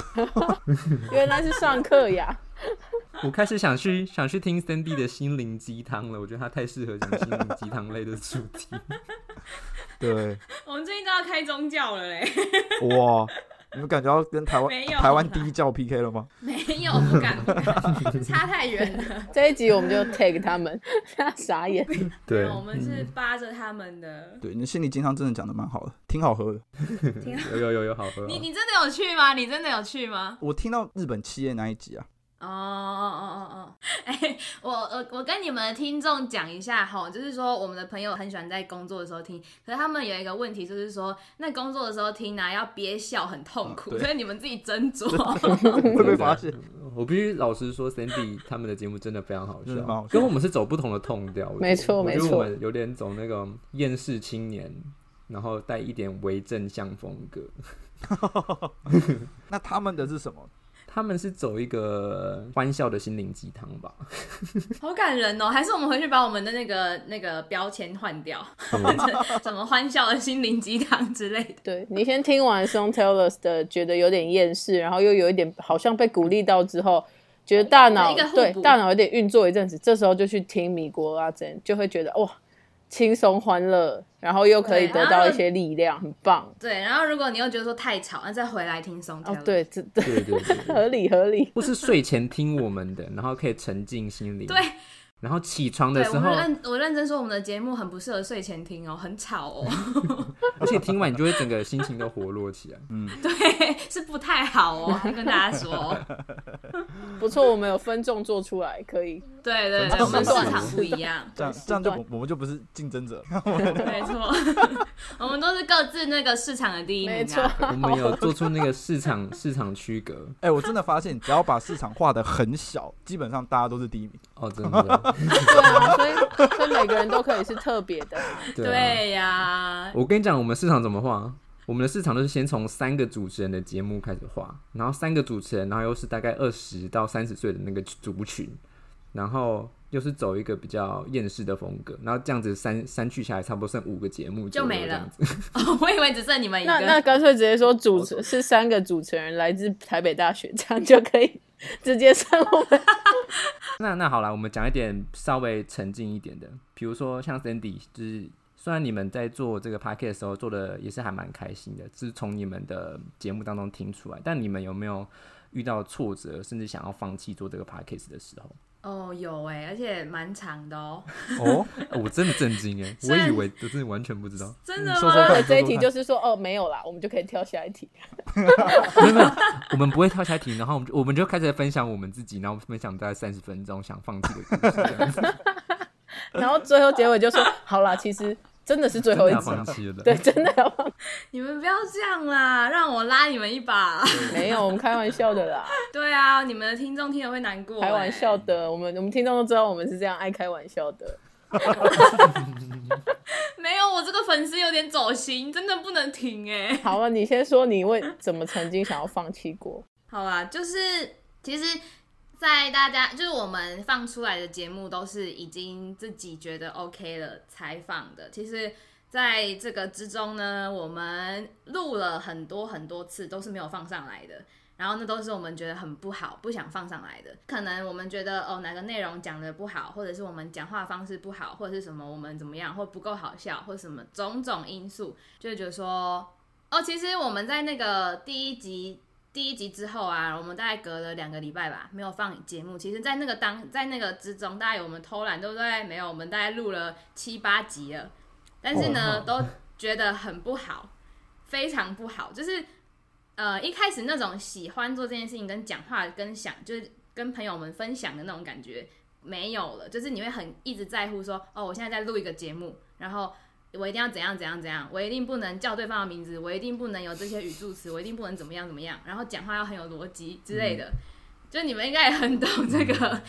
*laughs* 原來是上課呀！ *laughs* 我開始想去想去聽 Sandy 的心靈雞湯了，我覺得他太適合講心靈雞湯類的主題。 *laughs* 對，我們最近都要開宗教了嘞、欸！哇，你們感覺要跟台灣、啊、台灣第一教 PK 了嗎？沒有，不敢，不敢 *laughs* 差太遠了。這一集我們就 take 他們， *laughs* 傻眼。對，我們是扒着他們的、嗯。對，你心理雞湯真的講得蠻好的，挺好喝的 *laughs* 挺好喝的，有有有有好喝、啊。你你真的有去嗎？你真的有去嗎？我聽到日本企業那一集啊。哦哦哦哦！哎，我我我跟你們聽眾講一下哈，就是說我們的朋友很喜歡在工作的時候聽，可是他們有一個問題，就是說那工作的時候聽呢、啊、要憋笑很痛苦、啊，所以你們自己斟酌。會被發現？我必須老實說 *laughs* Sandy 他們的節目真的非常好笑、嗯，好笑，跟我們是走不同的痛調。沒錯沒錯，因為我們有點走那個厭世青年，然後帶一點偽正向風格。 *laughs* *laughs* 那他們的是什麼？他們是走一個歡笑的心靈雞湯吧， *laughs* 好感人哦！還是我們回去把我們的那個那個標籤換掉，或者怎 *laughs* 麼歡笑的心靈雞湯之類的？ *laughs* 對，你先聽完《Song Tellers》的，覺得有點厭世，然後又有一點好像被鼓勵到之後，覺得大腦對大腦有點運作一陣子，這時候就去聽米國蚵仔煎，就會覺得哇，輕鬆歡樂。然後又可以得到一些力量，很棒。對，然後如果你又覺得說太吵，那再回來聽 Songtellers。哦，對，這，對對對， *laughs* 合理合理。不是睡前聽我們的， *laughs* 然後可以沉浸心裡。對。然後起床的時候，我認我認真說，我們的節目很不適合睡前聽哦、喔，很吵哦、喔， *laughs* *laughs* 而且聽完你就會整個心情都活絡起來。 *laughs* 嗯，對，是不太好哦、喔， *laughs* 跟大家說。不錯，我們有分眾做出來，可以。 *laughs* 對，對對對，啊、我們的市場不一樣， *laughs* 這樣這樣就我們就不是競爭者。 *laughs* 沒錯錯， *laughs* 我們都是各自那個市場的第一名啊。沒錯，我們有做出那個市場 *laughs* 市場區隔。哎、欸，我真的發現，只要把市場畫得很小， *laughs* 基本上大家都是第一名。哦，真的。 *laughs* *laughs* 啊，對啊，所以所以每個人都可以是特別的。 *laughs* 對呀、啊。我跟你講，我們的市場怎麼畫？我們的市場都是先從三個主持人的節目開始畫，然後三個主持人，然後又是大概二十到三十歲的那個族群，然後。就是走一個比較厭世的風格，然後這樣子刪刪去下來，差不多剩五個節目就，就沒了。Oh, 我以為只剩你們一個。 *laughs* 那那乾脆直接說，主持是三個主持人來自台北大學，這樣就可以直接上路了。 *laughs* *laughs* *laughs* *laughs* *laughs* *laughs* *laughs* 那那好了，我們講一點稍微沉靜一點的，比如說像 Sandy，就是雖然你們在做這個 Podcast 的時候做的也是還蠻開心的，是從你們的節目當中聽出來，但你們有沒有遇到挫折，甚至想要放棄做這個 Podcast 的時候？哦，有哎，而且蠻長的哦。哦，我、哦、真的震驚哎， *laughs* 我以為我真的完全不知道。真的嗎？說說看、欸說說看？這一題就是說，哦，沒有啦，我們就可以跳下一題。 *laughs* *laughs* 沒，有沒有，我們不會跳下一題，然後我們就我們就開始分享我們自己，然後分享大概三十分鐘想放棄的故事這樣子， *laughs* *laughs* 然後最後結尾就說，好啦，其實。真的是最後一次，對，真的要放。 *laughs* 你們不要這樣啦，讓我拉你們一把。 *laughs* 沒有，我們開玩笑的啦。 *laughs* 對啊，你們的聽眾聽了會難過、欸。開玩笑的，我們我們聽眾都知道我們是這樣愛開玩笑的。 *laughs* *laughs* *laughs* 沒有，我這個粉絲有點走心，真的不能停哎、欸。好了，你先說你為什麼曾經想要放棄過。 *laughs* 好啊，就是其實。在大家就是我們放出來的節目都是已經自己覺得 OK 了才放的。其實，在這個之中呢，我們錄了很多很多次都是沒有放上來的。然後那都是我們覺得很不好，不想放上來的。可能我們覺得哦，哪個內容講得不好，或者是我們講話方式不好，或者是什麼我們怎麼樣，或不夠好笑，或什麼種種因素，就覺得說哦，其實我們在那個第一集。第一集之後啊，我們大概隔了兩個禮拜吧，沒有放節目。其實，在那個當，在那個之中，大概有我們偷懶都在沒有，我們大概錄了七八集了，但是呢，Oh. 都覺得很不好，非常不好。就是呃，一開始那種喜歡做這件事情，跟講話，跟想，就是跟朋友們分享的那種感覺沒有了，就是你會很一直在乎說，哦，我現在在錄一個節目，然後。我一定要怎樣怎樣怎樣，我一定不能叫對方的名字，我一定不能有這些語助詞，我一定不能怎麼樣怎麼樣，然後講話要很有邏輯之類的，嗯、就是你們應該也很懂這個，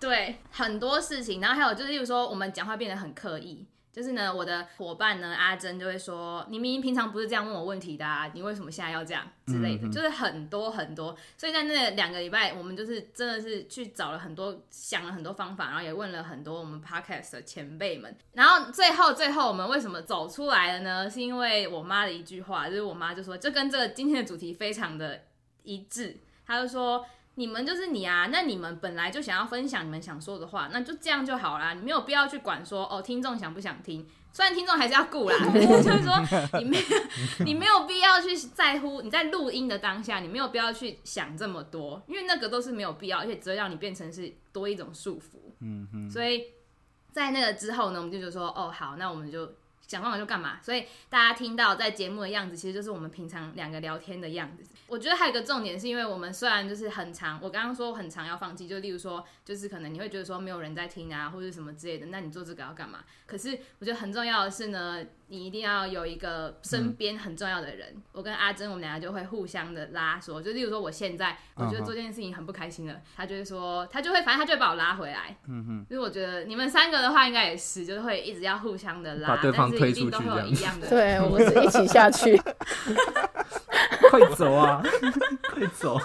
對很多事情。然後還有就是，例如說我們講話變得很刻意。就是呢，我的夥伴呢，阿珍就會說：“你明明平常不是這樣問我問題的，啊，你為什麼現在要這樣？”之類的、嗯，就是很多很多。所以在那兩個禮拜，我們就是真的是去找了很多，想了很多方法，然後也問了很多我們 podcast 的前輩們。然後最後最後，我們為什麼走出來了呢？是因為我媽的一句話，就是我媽就說：“這跟這個今天的主題非常的一致。”她就說。你們就是你啊，那你們本來就想要分享你們想說的話，那就這樣就好啦。你沒有必要去管說哦，聽眾想不想聽？雖然聽眾還是要顧啦， *laughs* *laughs* 就是說你沒有，你沒有必要去在乎。你在錄音的當下，你沒有必要去想這麼多，因為那個都是沒有必要，而且只會讓你變成是多一種束縛。嗯嗯，所以在那個之後呢，我們就覺得說，哦，好，那我們就想辦法就幹嘛？所以大家聽到在節目的樣子，其實就是我們平常兩個聊天的樣子。我覺得還有一個重點，是因為我們雖然就是很常，我剛剛說很常要放棄，就例如說，就是可能你會覺得說沒有人在聽啊，或者什麼之類的，那你做這個要幹嘛？可是我覺得很重要的是呢，你一定要有一個身邊很重要的人、嗯。我跟阿珍，我們兩個就會互相的拉說，說就例如說我現在我覺得做這件事情很不開心了，啊、他就會說，他就會反正他就會把我拉回來。嗯哼。所以我覺得你們三個的話應該也是，就是會一直要互相的拉，把對方推出去這樣子。但是一定都會有一樣的。 *laughs* 對，我們是一起下去。快走啊！快走！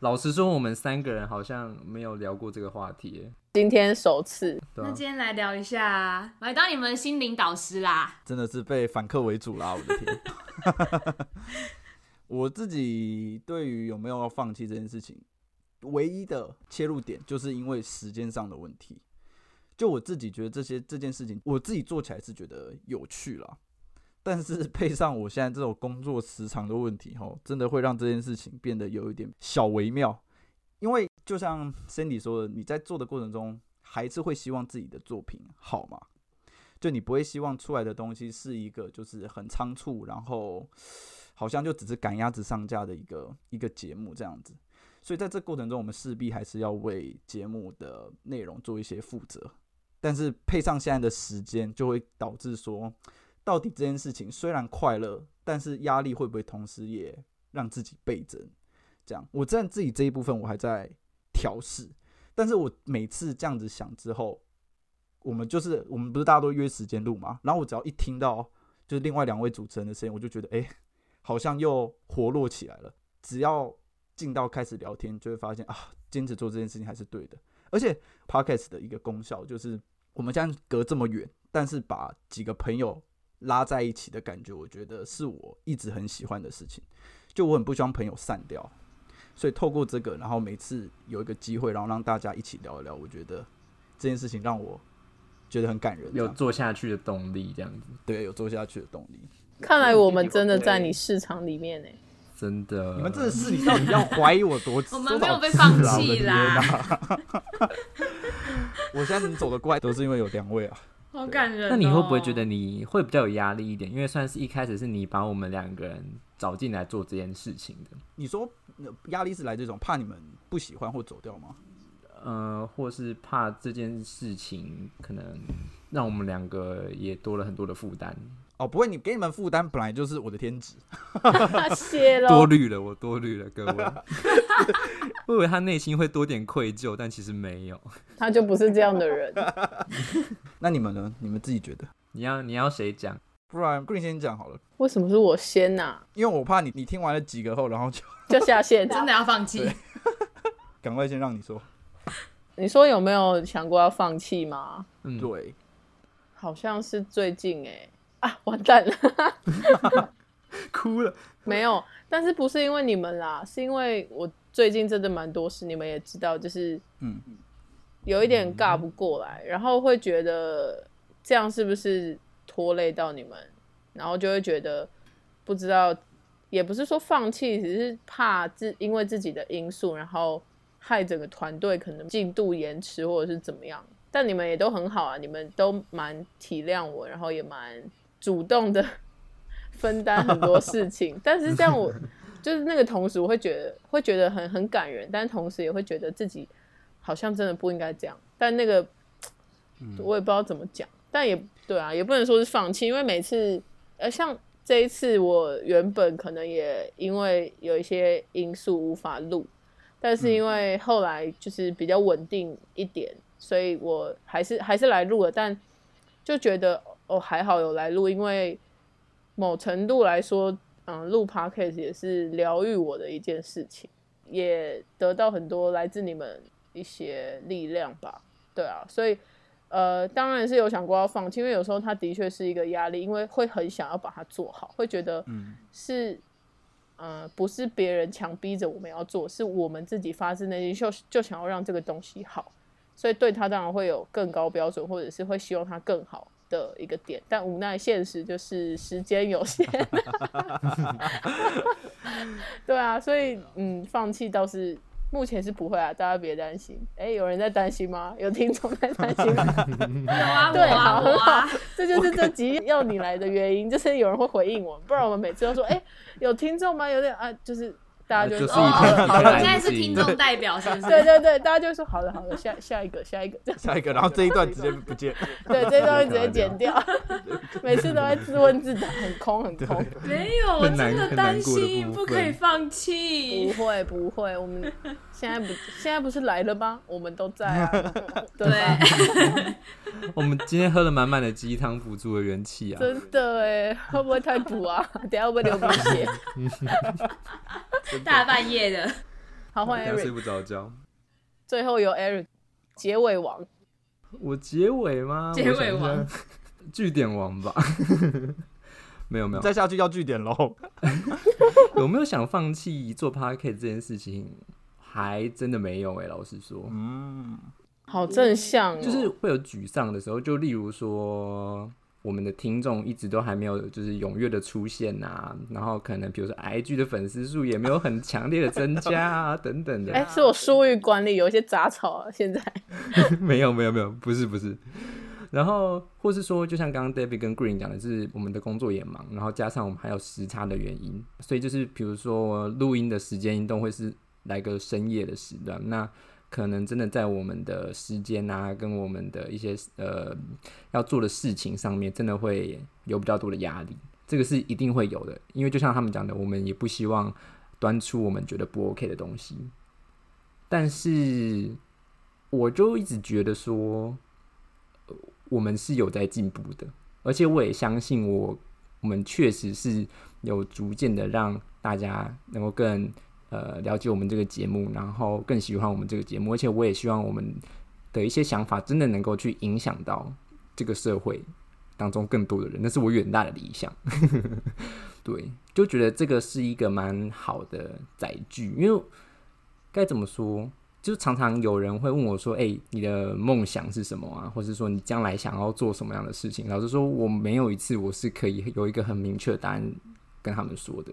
老實說，我們三個人好像沒有聊過這個話題，今天首次。對啊。那今天來聊一下，來當你們心靈導師啦！真的是被反客為主啦！我的天！ *laughs* 我自己對於有沒有要放棄這件事情，唯一的切入點就是因為時間上的問題。就我自己覺得這些這件事情，我自己做起來是覺得有趣了。但是配上我現在這種工作時長的問題吼，真的會讓這件事情變得有一點小微妙。因為就像 Sandy 說的，你在做的過程中，還是會希望自己的作品好嘛？就你不會希望出來的東西是一個就是很倉促，然後好像就只是趕鴨子上架的一個一個節目這樣子。所以在這過程中，我們勢必還是要為節目的內容做一些負責。但是配上現在的時間，就會導致說。到底這件事情雖然快樂，但是壓力會不會同時也讓自己倍增？這樣，我雖自，自己這一部分我還在調試，但是我每次這樣子想之後，我們就是我們不是大家都約時間錄嘛？然後我只要一聽到就是另外兩位主持人的聲音，我就覺得哎、欸，好像又活絡起來了。只要進到開始聊天，就會發現啊，堅持做這件事情還是對的。而且 Podcast 的一個功效就是，我們雖隔這麼遠，但是把幾個朋友拉在一起的感覺，我覺得是我一直很喜歡的事情。就我很不希望朋友散掉，所以透過這個，然後每次有一個機會，然後讓大家一起聊一聊，我覺得這件事情讓我覺得很感人，有做下去的動力。這樣子，對，有做下去的動力。看來我們真的在你市場裡面呢、欸？真的。 *laughs* 你們真的是。你到底要懷疑我多久、 *laughs* 啊？我們沒有被放棄啦！啊、 *laughs* *laughs* *laughs* *laughs* 我現在能走得怪？都是因為有兩位啊。好感人哦。那你會不會覺得你會比較有壓力一點？因為算是一開始是你把我們兩個人找進來做這件事情的。你說壓力是來這種怕你們不喜歡或走掉嗎？呃，或是怕這件事情可能讓我們兩個也多了很多的負擔。哦，不會你，你給你們負擔本來就是我的天職 *laughs* 多慮了，我多慮了，各位。 *laughs* 不以為他內心會多點愧疚，但其實沒有。他就不是這樣的人。 *laughs* 那你們呢？你們自己覺得？你要你要誰講？不然不你先講好了。為什麼是我先呢、啊？因為我怕你，你聽完了幾個後，然後就就下線， *laughs* 真的要放棄。趕 *laughs* 快先讓你說。你說有沒有想過要放棄嗎？嗯，對。好像是最近哎、欸。啊！完蛋了，哭 *laughs* 了。沒有，但是不是因為你們啦，是因為我最近真的蠻多事，你們也知道，就是嗯，有一點尬不過來，然後會覺得這樣是不是拖累到你們，然後就會覺得不知道，也不是說放棄，只是怕自因為自己的因素，然後害整個團隊可能進度延遲或者是怎麼樣。但你們也都很好啊，你們都蠻體諒我，然後也蠻。主動的分擔很多事情， *laughs* 但是這樣我就是那個同時，我會覺得會覺得很很感人，但同時也會覺得自己好像真的不應該這樣。但那個我也不知道怎麼講，嗯，但也對啊，也不能說是放棄，因為每次，呃，像這一次我原本可能也因為有一些因素無法錄，但是因為後來就是比較穩定一點，嗯，所以我還是還是來錄了，但就覺得。哦，還好有來錄，因為某程度來說，嗯，錄 podcast 也是療癒我的一件事情，也得到很多來自你們一些力量吧。對啊，所以呃，當然是有想過要放棄，因為有時候它的確是一個壓力，因為會很想要把它做好，會覺得是嗯、呃，不是別人強逼着我們要做，是我們自己發自內心就就想要讓這個東西好，所以對它當然會有更高標準，或者是會希望它更好。的一個點，但無奈現實就是時間有限， *laughs* 對啊，所以嗯，放棄倒是，目前是不會啊，大家別擔心。哎、欸，有人在擔心嗎？有聽眾在擔心嗎？有 *laughs* 啊， *laughs* 對好啊，啊很好，這就是這集要你來的原因，就是有人會回應我，不然我們每次都說哎、欸，有聽眾嗎？有點啊，就是。大家就是一了、哦、現在是聽眾代表，是不是？對對對，大家就說好了好了，下下一個下一個下一個，然後這一段直接不見， *laughs* 對，這一段就直接剪掉。 *laughs* 每次都會自問自答，很空很空。沒有，我真的擔心的不，不可以放棄。不會不會，我們現在不現在不是來了嗎？我們都在、啊。對、啊。 *laughs* 我們今天喝了滿滿的雞湯，補足的元氣啊。真的哎、欸，會不會太補啊？等下會不會流鼻血？ *laughs* 大半夜的，好歡迎。睡不着覺。最後由 Eric 結尾王。我結尾嗎？結尾王，句點王吧。沒 *laughs* 有沒有，沒有再下去要句點嘍。 *laughs* *laughs* *laughs* 有沒有想放棄做 podcast 這件事情？還真的沒有哎、欸，老實說，嗯，好正向、哦。就是會有沮喪的時候，就例如說。我們的聽眾一直都還沒有就是踴躍的出現吶、啊，然後可能比如說 I G 的粉絲數也沒有很強烈的增加啊 *laughs* 等等的、啊。哎，是我疏於管理，有一些雜草啊，現在。 *laughs* *laughs* 沒有沒有沒有，不是不是。然後或是說，就像剛剛 David 跟 Green 講的是，我們的工作也忙，然後加上我們還有時差的原因，所以就是比如說錄音的時間都會是來個深夜的時段，那。可能真的在我們的時間啊，跟我們的一些呃要做的事情上面，真的會有比較多的壓力。這個是一定會有的，因為就像他們講的，我們也不希望端出我們覺得不 OK 的東西。但是，我就一直覺得說，我們是有在進步的，而且我也相信我，我我們確實是有逐漸的讓大家能夠更。呃，了解我們這個節目，然後更喜歡我們這個節目，而且我也希望我們的一些想法真的能夠去影響到這個社會當中更多的人，那是我遠大的理想。 *laughs* 對，就覺得這個是一個蠻好的載具，因為該怎麼說，就常常有人會問我說：“哎、欸，你的夢想是什麼啊？或者是說你將來想要做什麼樣的事情？”老實說，我沒有一次我是可以有一個很明確的答案跟他們說的。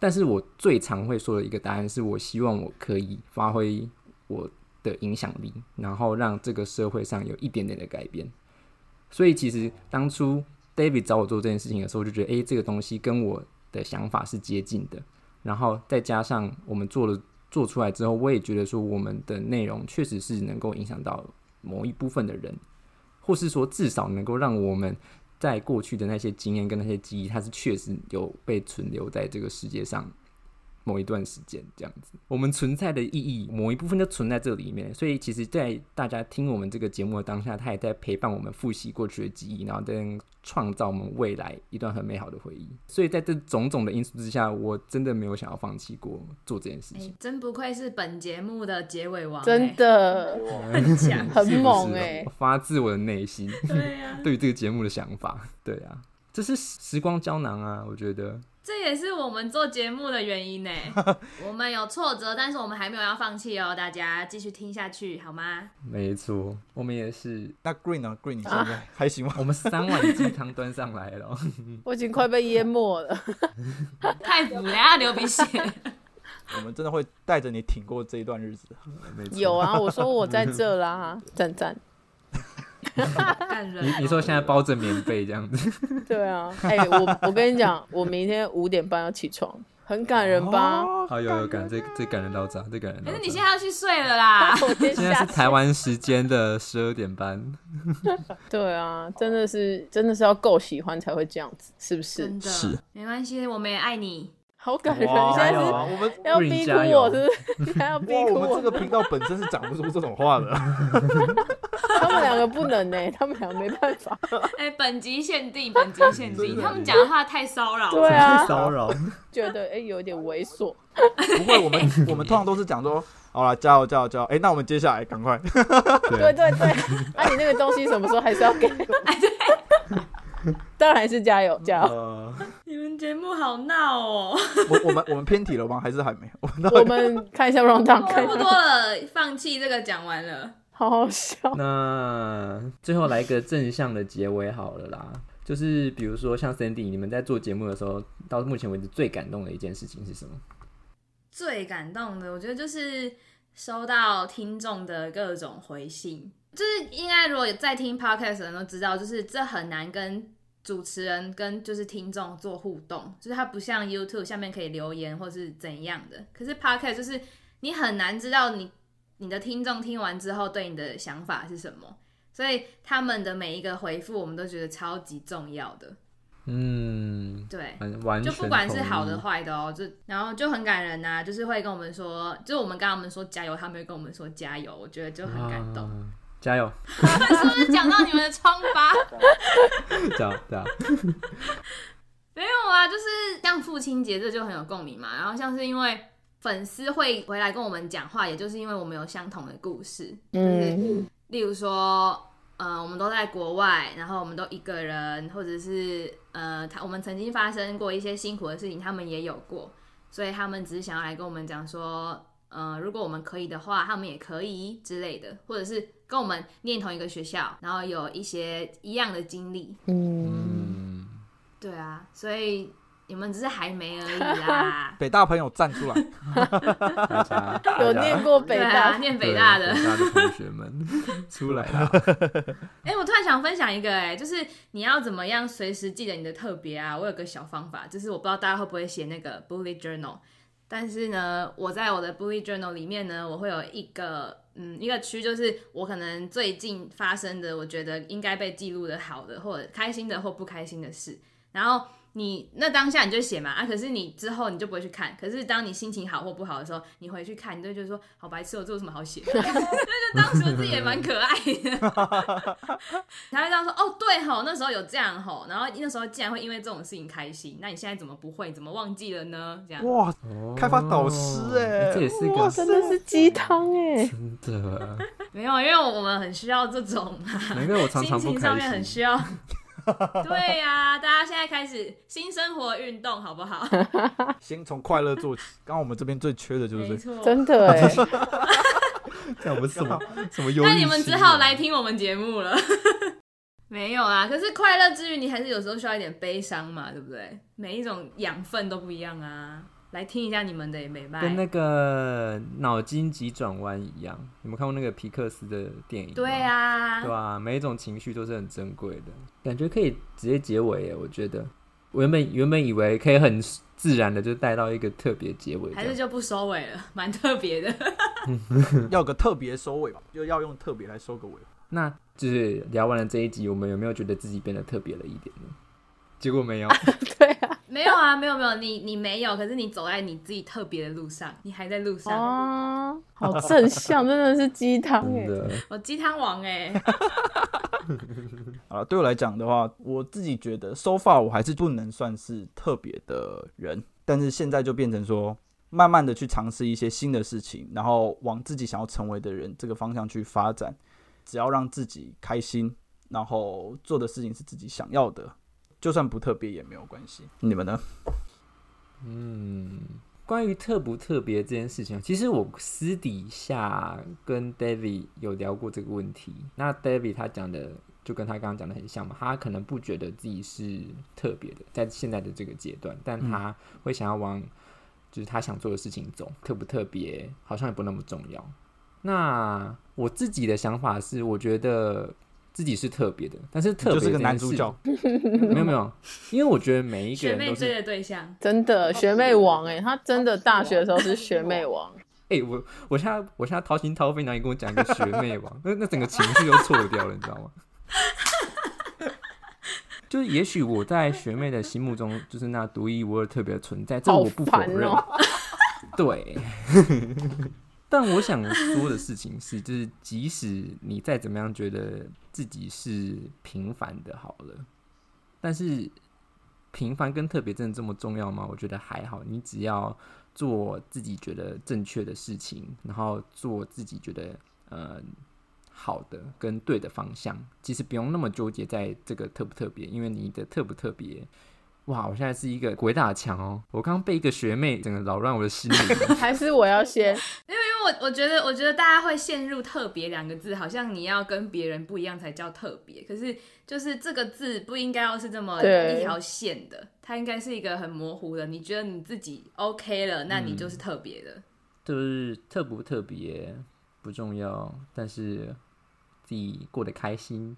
但是我最常會說的一個答案是，我希望我可以發揮我的影響力，然後讓這個社會上有一點點的改變。所以其實當初 David 找我做這件事情的時候，就覺得，誒，這個東西跟我的想法是接近的。然後再加上我們做了做出來之後，我也覺得說，我們的內容確實是能夠影響到某一部分的人，或是說至少能夠讓我們。在過去的那些經驗跟那些記憶，它是確實有被存留在這個世界上。某一段時間，這樣子，我們存在的意義某一部分就存在這裡面。所以，其實，在大家聽我們這個節目的當下，他也在陪伴我們復習過去的記憶，然後在創造我們未來一段很美好的回憶。所以在這種種的因素之下，我真的沒有想要放棄過做這件事情。欸、真不愧是本節目的結尾王、欸，真的很強、 *laughs* 喔，很猛哎、欸！發自我的內心，對、啊、 *laughs* 對於這個節目的想法，對啊，這是時光膠囊啊，我覺得。這也是我們做節目的原因呢。 *laughs* 我們有挫折，但是我們還沒有要放棄哦。大家繼續聽下去好嗎？沒錯，我們也是。那 Green 呢、啊、？Green 你現在、啊、還行嗎？我們三碗雞湯端上來了， *laughs* 我已經快被淹沒了，太子了，流鼻血。我們真的會帶着你挺過這一段日子、 *laughs* 嗯。有啊，我說我在這啦，贊贊。 *laughs* 讚讚 *laughs* *laughs* 你你說現在包着棉被這樣子 *laughs* 對啊，哎、欸，我我跟你講，我明天五點半要起床，很感人吧？好、哦哦、有有感，感、啊，這這感人到這這感人。可、欸、是你現在要去睡了啦， *laughs* 我了現在是台灣時間的十二點半， *laughs* 對啊，真的是真的是要夠喜歡才會這樣子，是不是？是，沒關係，我們也愛你。好感人，你現在是要逼哭我，是不是？ *laughs* 你還要逼哭？哇，我們這個頻道本身是講不出這種話的、啊 *laughs* *laughs* 他兩欸。他們兩個不能哎，他們兩個沒辦法。哎、 *laughs* 欸，本集限定，本集限定，他們講的話太騷擾了。對啊，騷擾。覺得哎、欸，有點猥瑣。 *laughs* 不會，我們我們通常都是講說，好了，加油，加油，加油！哎、欸，那我們接下來趕快。 *laughs* 對對對，那、 *laughs* 啊、你那個東西什麼時候還是要給、啊？對。當然是加油，加油！你們節目好鬧哦！我、我們、我們偏題了嗎？ *laughs* 還是還沒有？我們， *laughs* 我們看一下差不多了，放棄這個，講完了，好好笑。那最後來一個正向的結尾好了啦，就是比如說像 Sandy，你們在做節目的時候，到目前為止最感動的一件事情是什麼？最感動的，我覺得就是收到聽眾的各種回信。就是應該，如果有在聽 podcast 的人都知道，就是這很難跟主持人跟就是聽眾做互動，就是他不像 YouTube 下面可以留言或是怎樣的。可是 podcast 就是，你很難知道你你的聽眾聽完之後對你的想法是什麼，所以他們的每一個回復，我們都覺得超級重要的。嗯，對，完全就不管是好的壞的哦，就然後就很感人吶，就是會跟我們說，就我們剛剛我們說加油，他們會跟我們說加油，我覺得就很感動。啊加油！ *laughs* 啊、是不是講到你們的瘡疤 *laughs* 。沒有啊，就是像父親節，這就很有共鳴嘛。然後像是因為粉絲會回來跟我們講話，也就是因為我們有相同的故事，對對嗯，例如說，呃，我們都在國外，然後我們都一個人，或者是呃，他我們曾經發生過一些辛苦的事情，他們也有過，所以他們只是想要來跟我們講說，呃，如果我們可以的話，他們也可以之類的，或者是。跟我們念同一個學校，然後有一些一樣的經歷，嗯，對啊，所以你們只是還沒而已啦。 *laughs* 北大朋友站出來， *laughs* 啊、有念過北大、啊、念北大，北大的同學們 *laughs* 出來了啦哎、 *laughs* 欸，我突然想分享一個、欸，哎，就是你要怎麼樣隨時記得你的特別啊？我有個小方法，就是我不知道大家會不會寫那個 bullet journal，但是呢，我在我的 bullet journal 裡面呢，我會有一個。嗯，一個區就是我可能最近發生的，我覺得應該被記錄的好的，或者開心的或不開心的事，然後。你那當下你就寫嘛啊！可是你之後你就不會去看。可是當你心情好或不好的時候，你回去看，你就會覺得說好白痴，我做什麼好寫的？對，就當時我自己也蠻可愛的。他 *laughs* *laughs* *laughs* 會這樣說：哦，對吼、哦，那時候有這樣吼、哦，然後那時候竟然會因為這種事情開心，那你現在怎麼不會？怎麼忘記了呢？這樣哇、喔，開發導師哎、欸欸，這也是一個真的是雞湯哎，真的、欸真的啊、 *laughs* *laughs* 沒有，因為我們很需要這種， *laughs* 我常常不心不開心，心情上面很需要。 *laughs* *laughs* 對呀、啊，大家現在開始新生活運動好不好？ *laughs* 先從快樂做起。剛剛我們這邊最缺的就是 *laughs* 沒錯錯笑，真的、欸 *laughs* *laughs* *laughs* 這不是。這我們什麼什麼優勢？ *laughs* 那你們只好來聽我們節目了。 *laughs* 沒有啊，可是快樂之餘，你還是有時候需要一點悲傷嘛，對不對？每一種養分都不一樣啊。來聽一下你們的也沒辦法，跟那個腦筋急轉彎一樣。你們看過那個皮克斯的電影？對啊，對啊。每一種情緒都是很珍貴的，感覺可以直接結尾耶。我覺得，我原本原本以為可以很自然的就帶到一個特別結尾，還是就不收尾了，蠻特別的。 *laughs* *laughs* 要個特別收尾吧，就要用特別來收個尾。那就是聊完了這一集，我們有沒有覺得自己變得特別了一點呢？結果沒有 *laughs* ，對啊，沒有啊，沒有沒有，你你沒有，可是你走在你自己特別的路上，你還在路上。哦，好正向， *laughs* 真的是雞湯哎，我雞湯王哎、欸，哈 *laughs* *laughs* 好了，對我來講的話，我自己覺得，so far 我還是不能算是特別的人，但是現在就變成說，慢慢的去嘗試一些新的事情，然後往自己想要成為的人這個方向去發展，只要讓自己開心，然後做的事情是自己想要的。就算不特別也沒有關係，你們呢？嗯，關於特不特別這件事情，其實我私底下跟 David 有聊過這個問題。那 David 他講的就跟他剛剛講的很像嘛，他可能不覺得自己是特別的，在現在的這個階段，但他會想要往就是他想做的事情走，特不特別好像也不那麼重要。那我自己的想法是，我覺得。自己是特別的，但是特別的男主角， *laughs* 沒有沒有，因為我覺得每一個人都是學妹的對象，真的學妹王哎、欸，他真的大學的時候是學妹王哎 *laughs* 欸，我我現在我現在掏心掏肺，那你跟我講一個學妹王？那 *laughs* 那整個情緒都錯掉了，你知道嗎？ *laughs* 就是也許我在學妹的心目中就是那獨一無二特別的存在、喔，這我不否認， *laughs* 對。 *laughs* *laughs* 但我想說的事情是，就是即使你再怎麼樣覺得自己是平凡的，好了，但是平凡跟特別真的這麼重要嗎？我覺得還好，你只要做自己覺得正確的事情，然後做自己覺得、呃、好的跟對的方向，其實不用那麼糾結在這個特不特別，因為你的特不特別，哇！我現在是一個鬼打牆哦、喔，我剛被一個學妹整個擾亂我的心理， *laughs* 還是我要先。我我覺得，我覺得大家會陷入“特別”兩個字，好像你要跟別人不一樣才叫特別。可是，就是這個字不應該要是這麼一條線的，它應該是一個很模糊的。你覺得你自己 OK 了，那你就是特別的、嗯。就是特不特別不重要，但是自己過得開心，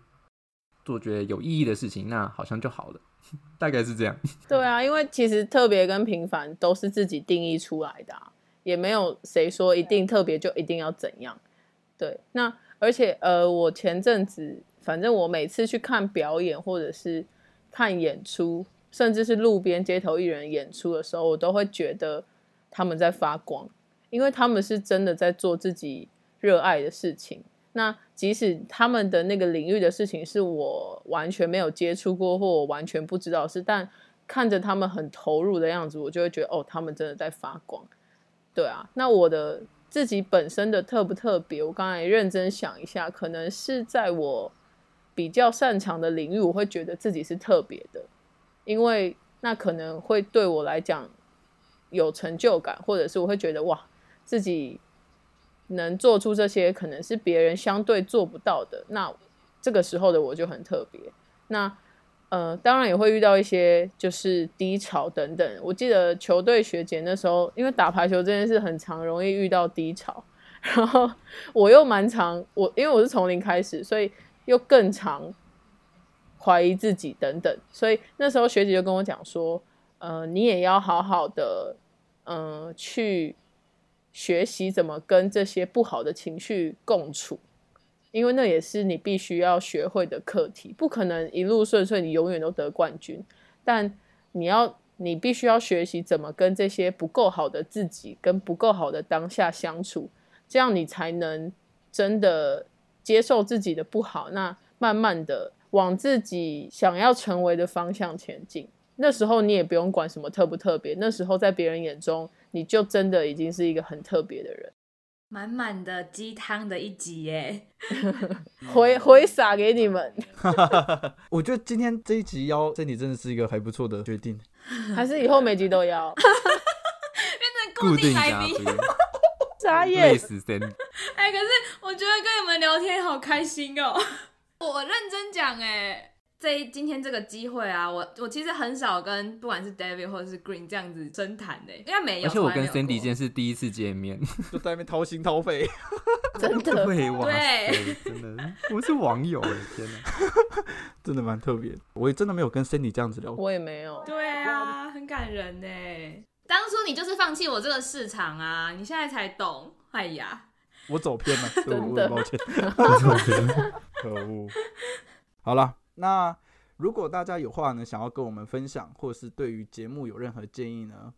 做覺得有意義的事情，那好像就好了。 *laughs* 大概是這樣。對啊，因為其實特別跟平凡都是自己定義出來的啊。也沒有誰說一定特別就一定要怎樣，對。那而且呃，我前陣子反正我每次去看表演或者是看演出，甚至是路邊街頭藝人演出的時候，我都會覺得他們在發光，因為他們是真的在做自己熱愛的事情。那即使他們的那個領域的事情是我完全沒有接觸過或我完全不知道是，但看着他們很投入的樣子，我就會覺得哦，他們真的在發光。對啊，那我的自己本身的特不特別？我剛才認真想一下，可能是在我比較擅長的領域，我會覺得自己是特別的。因為那可能會對我來講有成就感，或者是我會覺得哇，自己能做出這些，可能是別人相對做不到的。那這個時候的我就很特別。那。呃，當然也會遇到一些就是低潮等等。我記得球隊學姐那時候，因為打排球這件事很常容易遇到低潮，然後我又蠻常，我因為我是從零開始，所以又更常懷疑自己等等。所以那時候學姐就跟我講說，呃，你也要好好的，嗯、呃，去學習怎麼跟這些不好的情緒共處。因為那也是你必須要學會的課題，不可能一路順遂，你永遠都得冠軍。但你要，你必須要學習怎麼跟這些不夠好的自己，跟不夠好的當下相處，這樣你才能真的接受自己的不好，那慢慢的往自己想要成為的方向前進。那時候你也不用管什麼特不特別，那時候在別人眼中，你就真的已經是一個很特別的人。滿滿的雞湯的一集耶， *laughs* 回回灑給你們。 *laughs* 我覺得今天這一集邀3蒂真的是一個還不錯的決定， *laughs* 還是以後每集都要， *laughs* 變成固定來賓。扎葉，哎 *laughs* 傻眼 *laughs* 死先 *laughs* 欸，可是我覺得跟你們聊天好開心哦、喔， *laughs* 我認真講哎、欸。在今天這個機會啊，我我其實很少跟不管是 David 或者是 Green 這樣子深談的，因為沒有。而且我跟 Sandy 今天是第一次見面， *laughs* 就在外面掏心掏肺，真的， *laughs* 對，對，真的，我們是網友、欸，天哪， *laughs* 真的蠻特別。我也真的沒有跟 Sandy 這樣子聊，我也沒有。對啊，很感人呢、欸。當初你就是放棄我這個市場啊，你現在才懂。哎呀，我走偏了，對 *laughs* 真的對我抱歉， *laughs* 我走偏了，可惡。好了。 *laughs* 可惡 *laughs* 好，那如果大家有話呢，想要跟我們分享，或是對於節目有任何建議呢，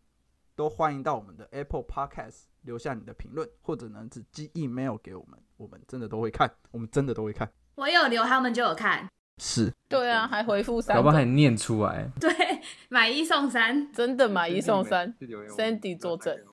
都歡迎到我們的 Apple Podcast 留下你的評論，或者呢，只寄 email 給我們，我們真的都會看，我們真的都會看。我有留他們就有看，是對啊，還回復，要不然還念出來，對，買一送三，真的買一送三，Sandy 作證。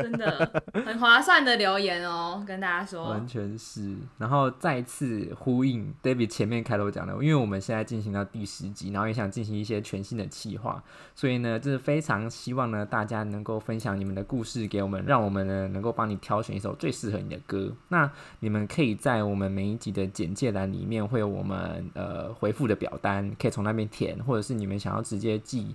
*laughs* 真的很划算的留言哦，跟大家說，完全是。然後再次呼應 David 前面開頭講的，因為我們現在進行到第十集，然後也想進行一些全新的企劃，所以呢，就是非常希望呢，大家能夠分享你們的故事給我們，讓我們呢能夠幫你挑選一首最適合你的歌。那你們可以在我們每一集的簡介欄裡面會有我們呃回覆的表單，可以從那邊填，或者是你們想要直接寄。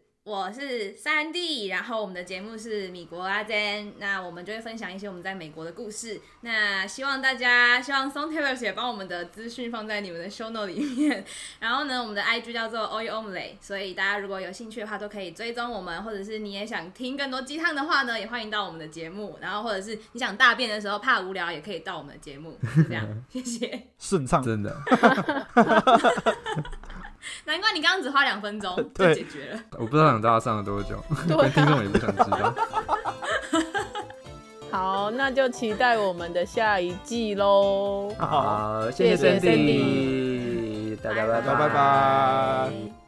我是3蒂，然後我們的節目是米國蚵仔煎，那我們就會分享一些我們在美國的故事。那希望大家，希望 Songtellers 也把我們的資訊放在你們的 Show Notes 裡面。然後呢，我們的 IG 叫做 Oyomelette，所以大家如果有興趣的話，都可以追蹤我們，或者是你也想聽更多雞湯的話呢，也歡迎到我們的節目。然後或者是你想大便的時候怕無聊，也可以到我們的節目。這樣， *laughs* 謝謝。順暢，真的。 *laughs* *laughs* 難怪你剛剛只花兩分鐘就解決了。我不知道想大家上了多久，連聽眾也不想知道 *laughs* 。 *laughs* 好，那就期待我們的下一季嘍！好，好，謝謝 Sandy，大家拜拜，拜拜。 *noise* bye -bye bye -bye, bye -bye.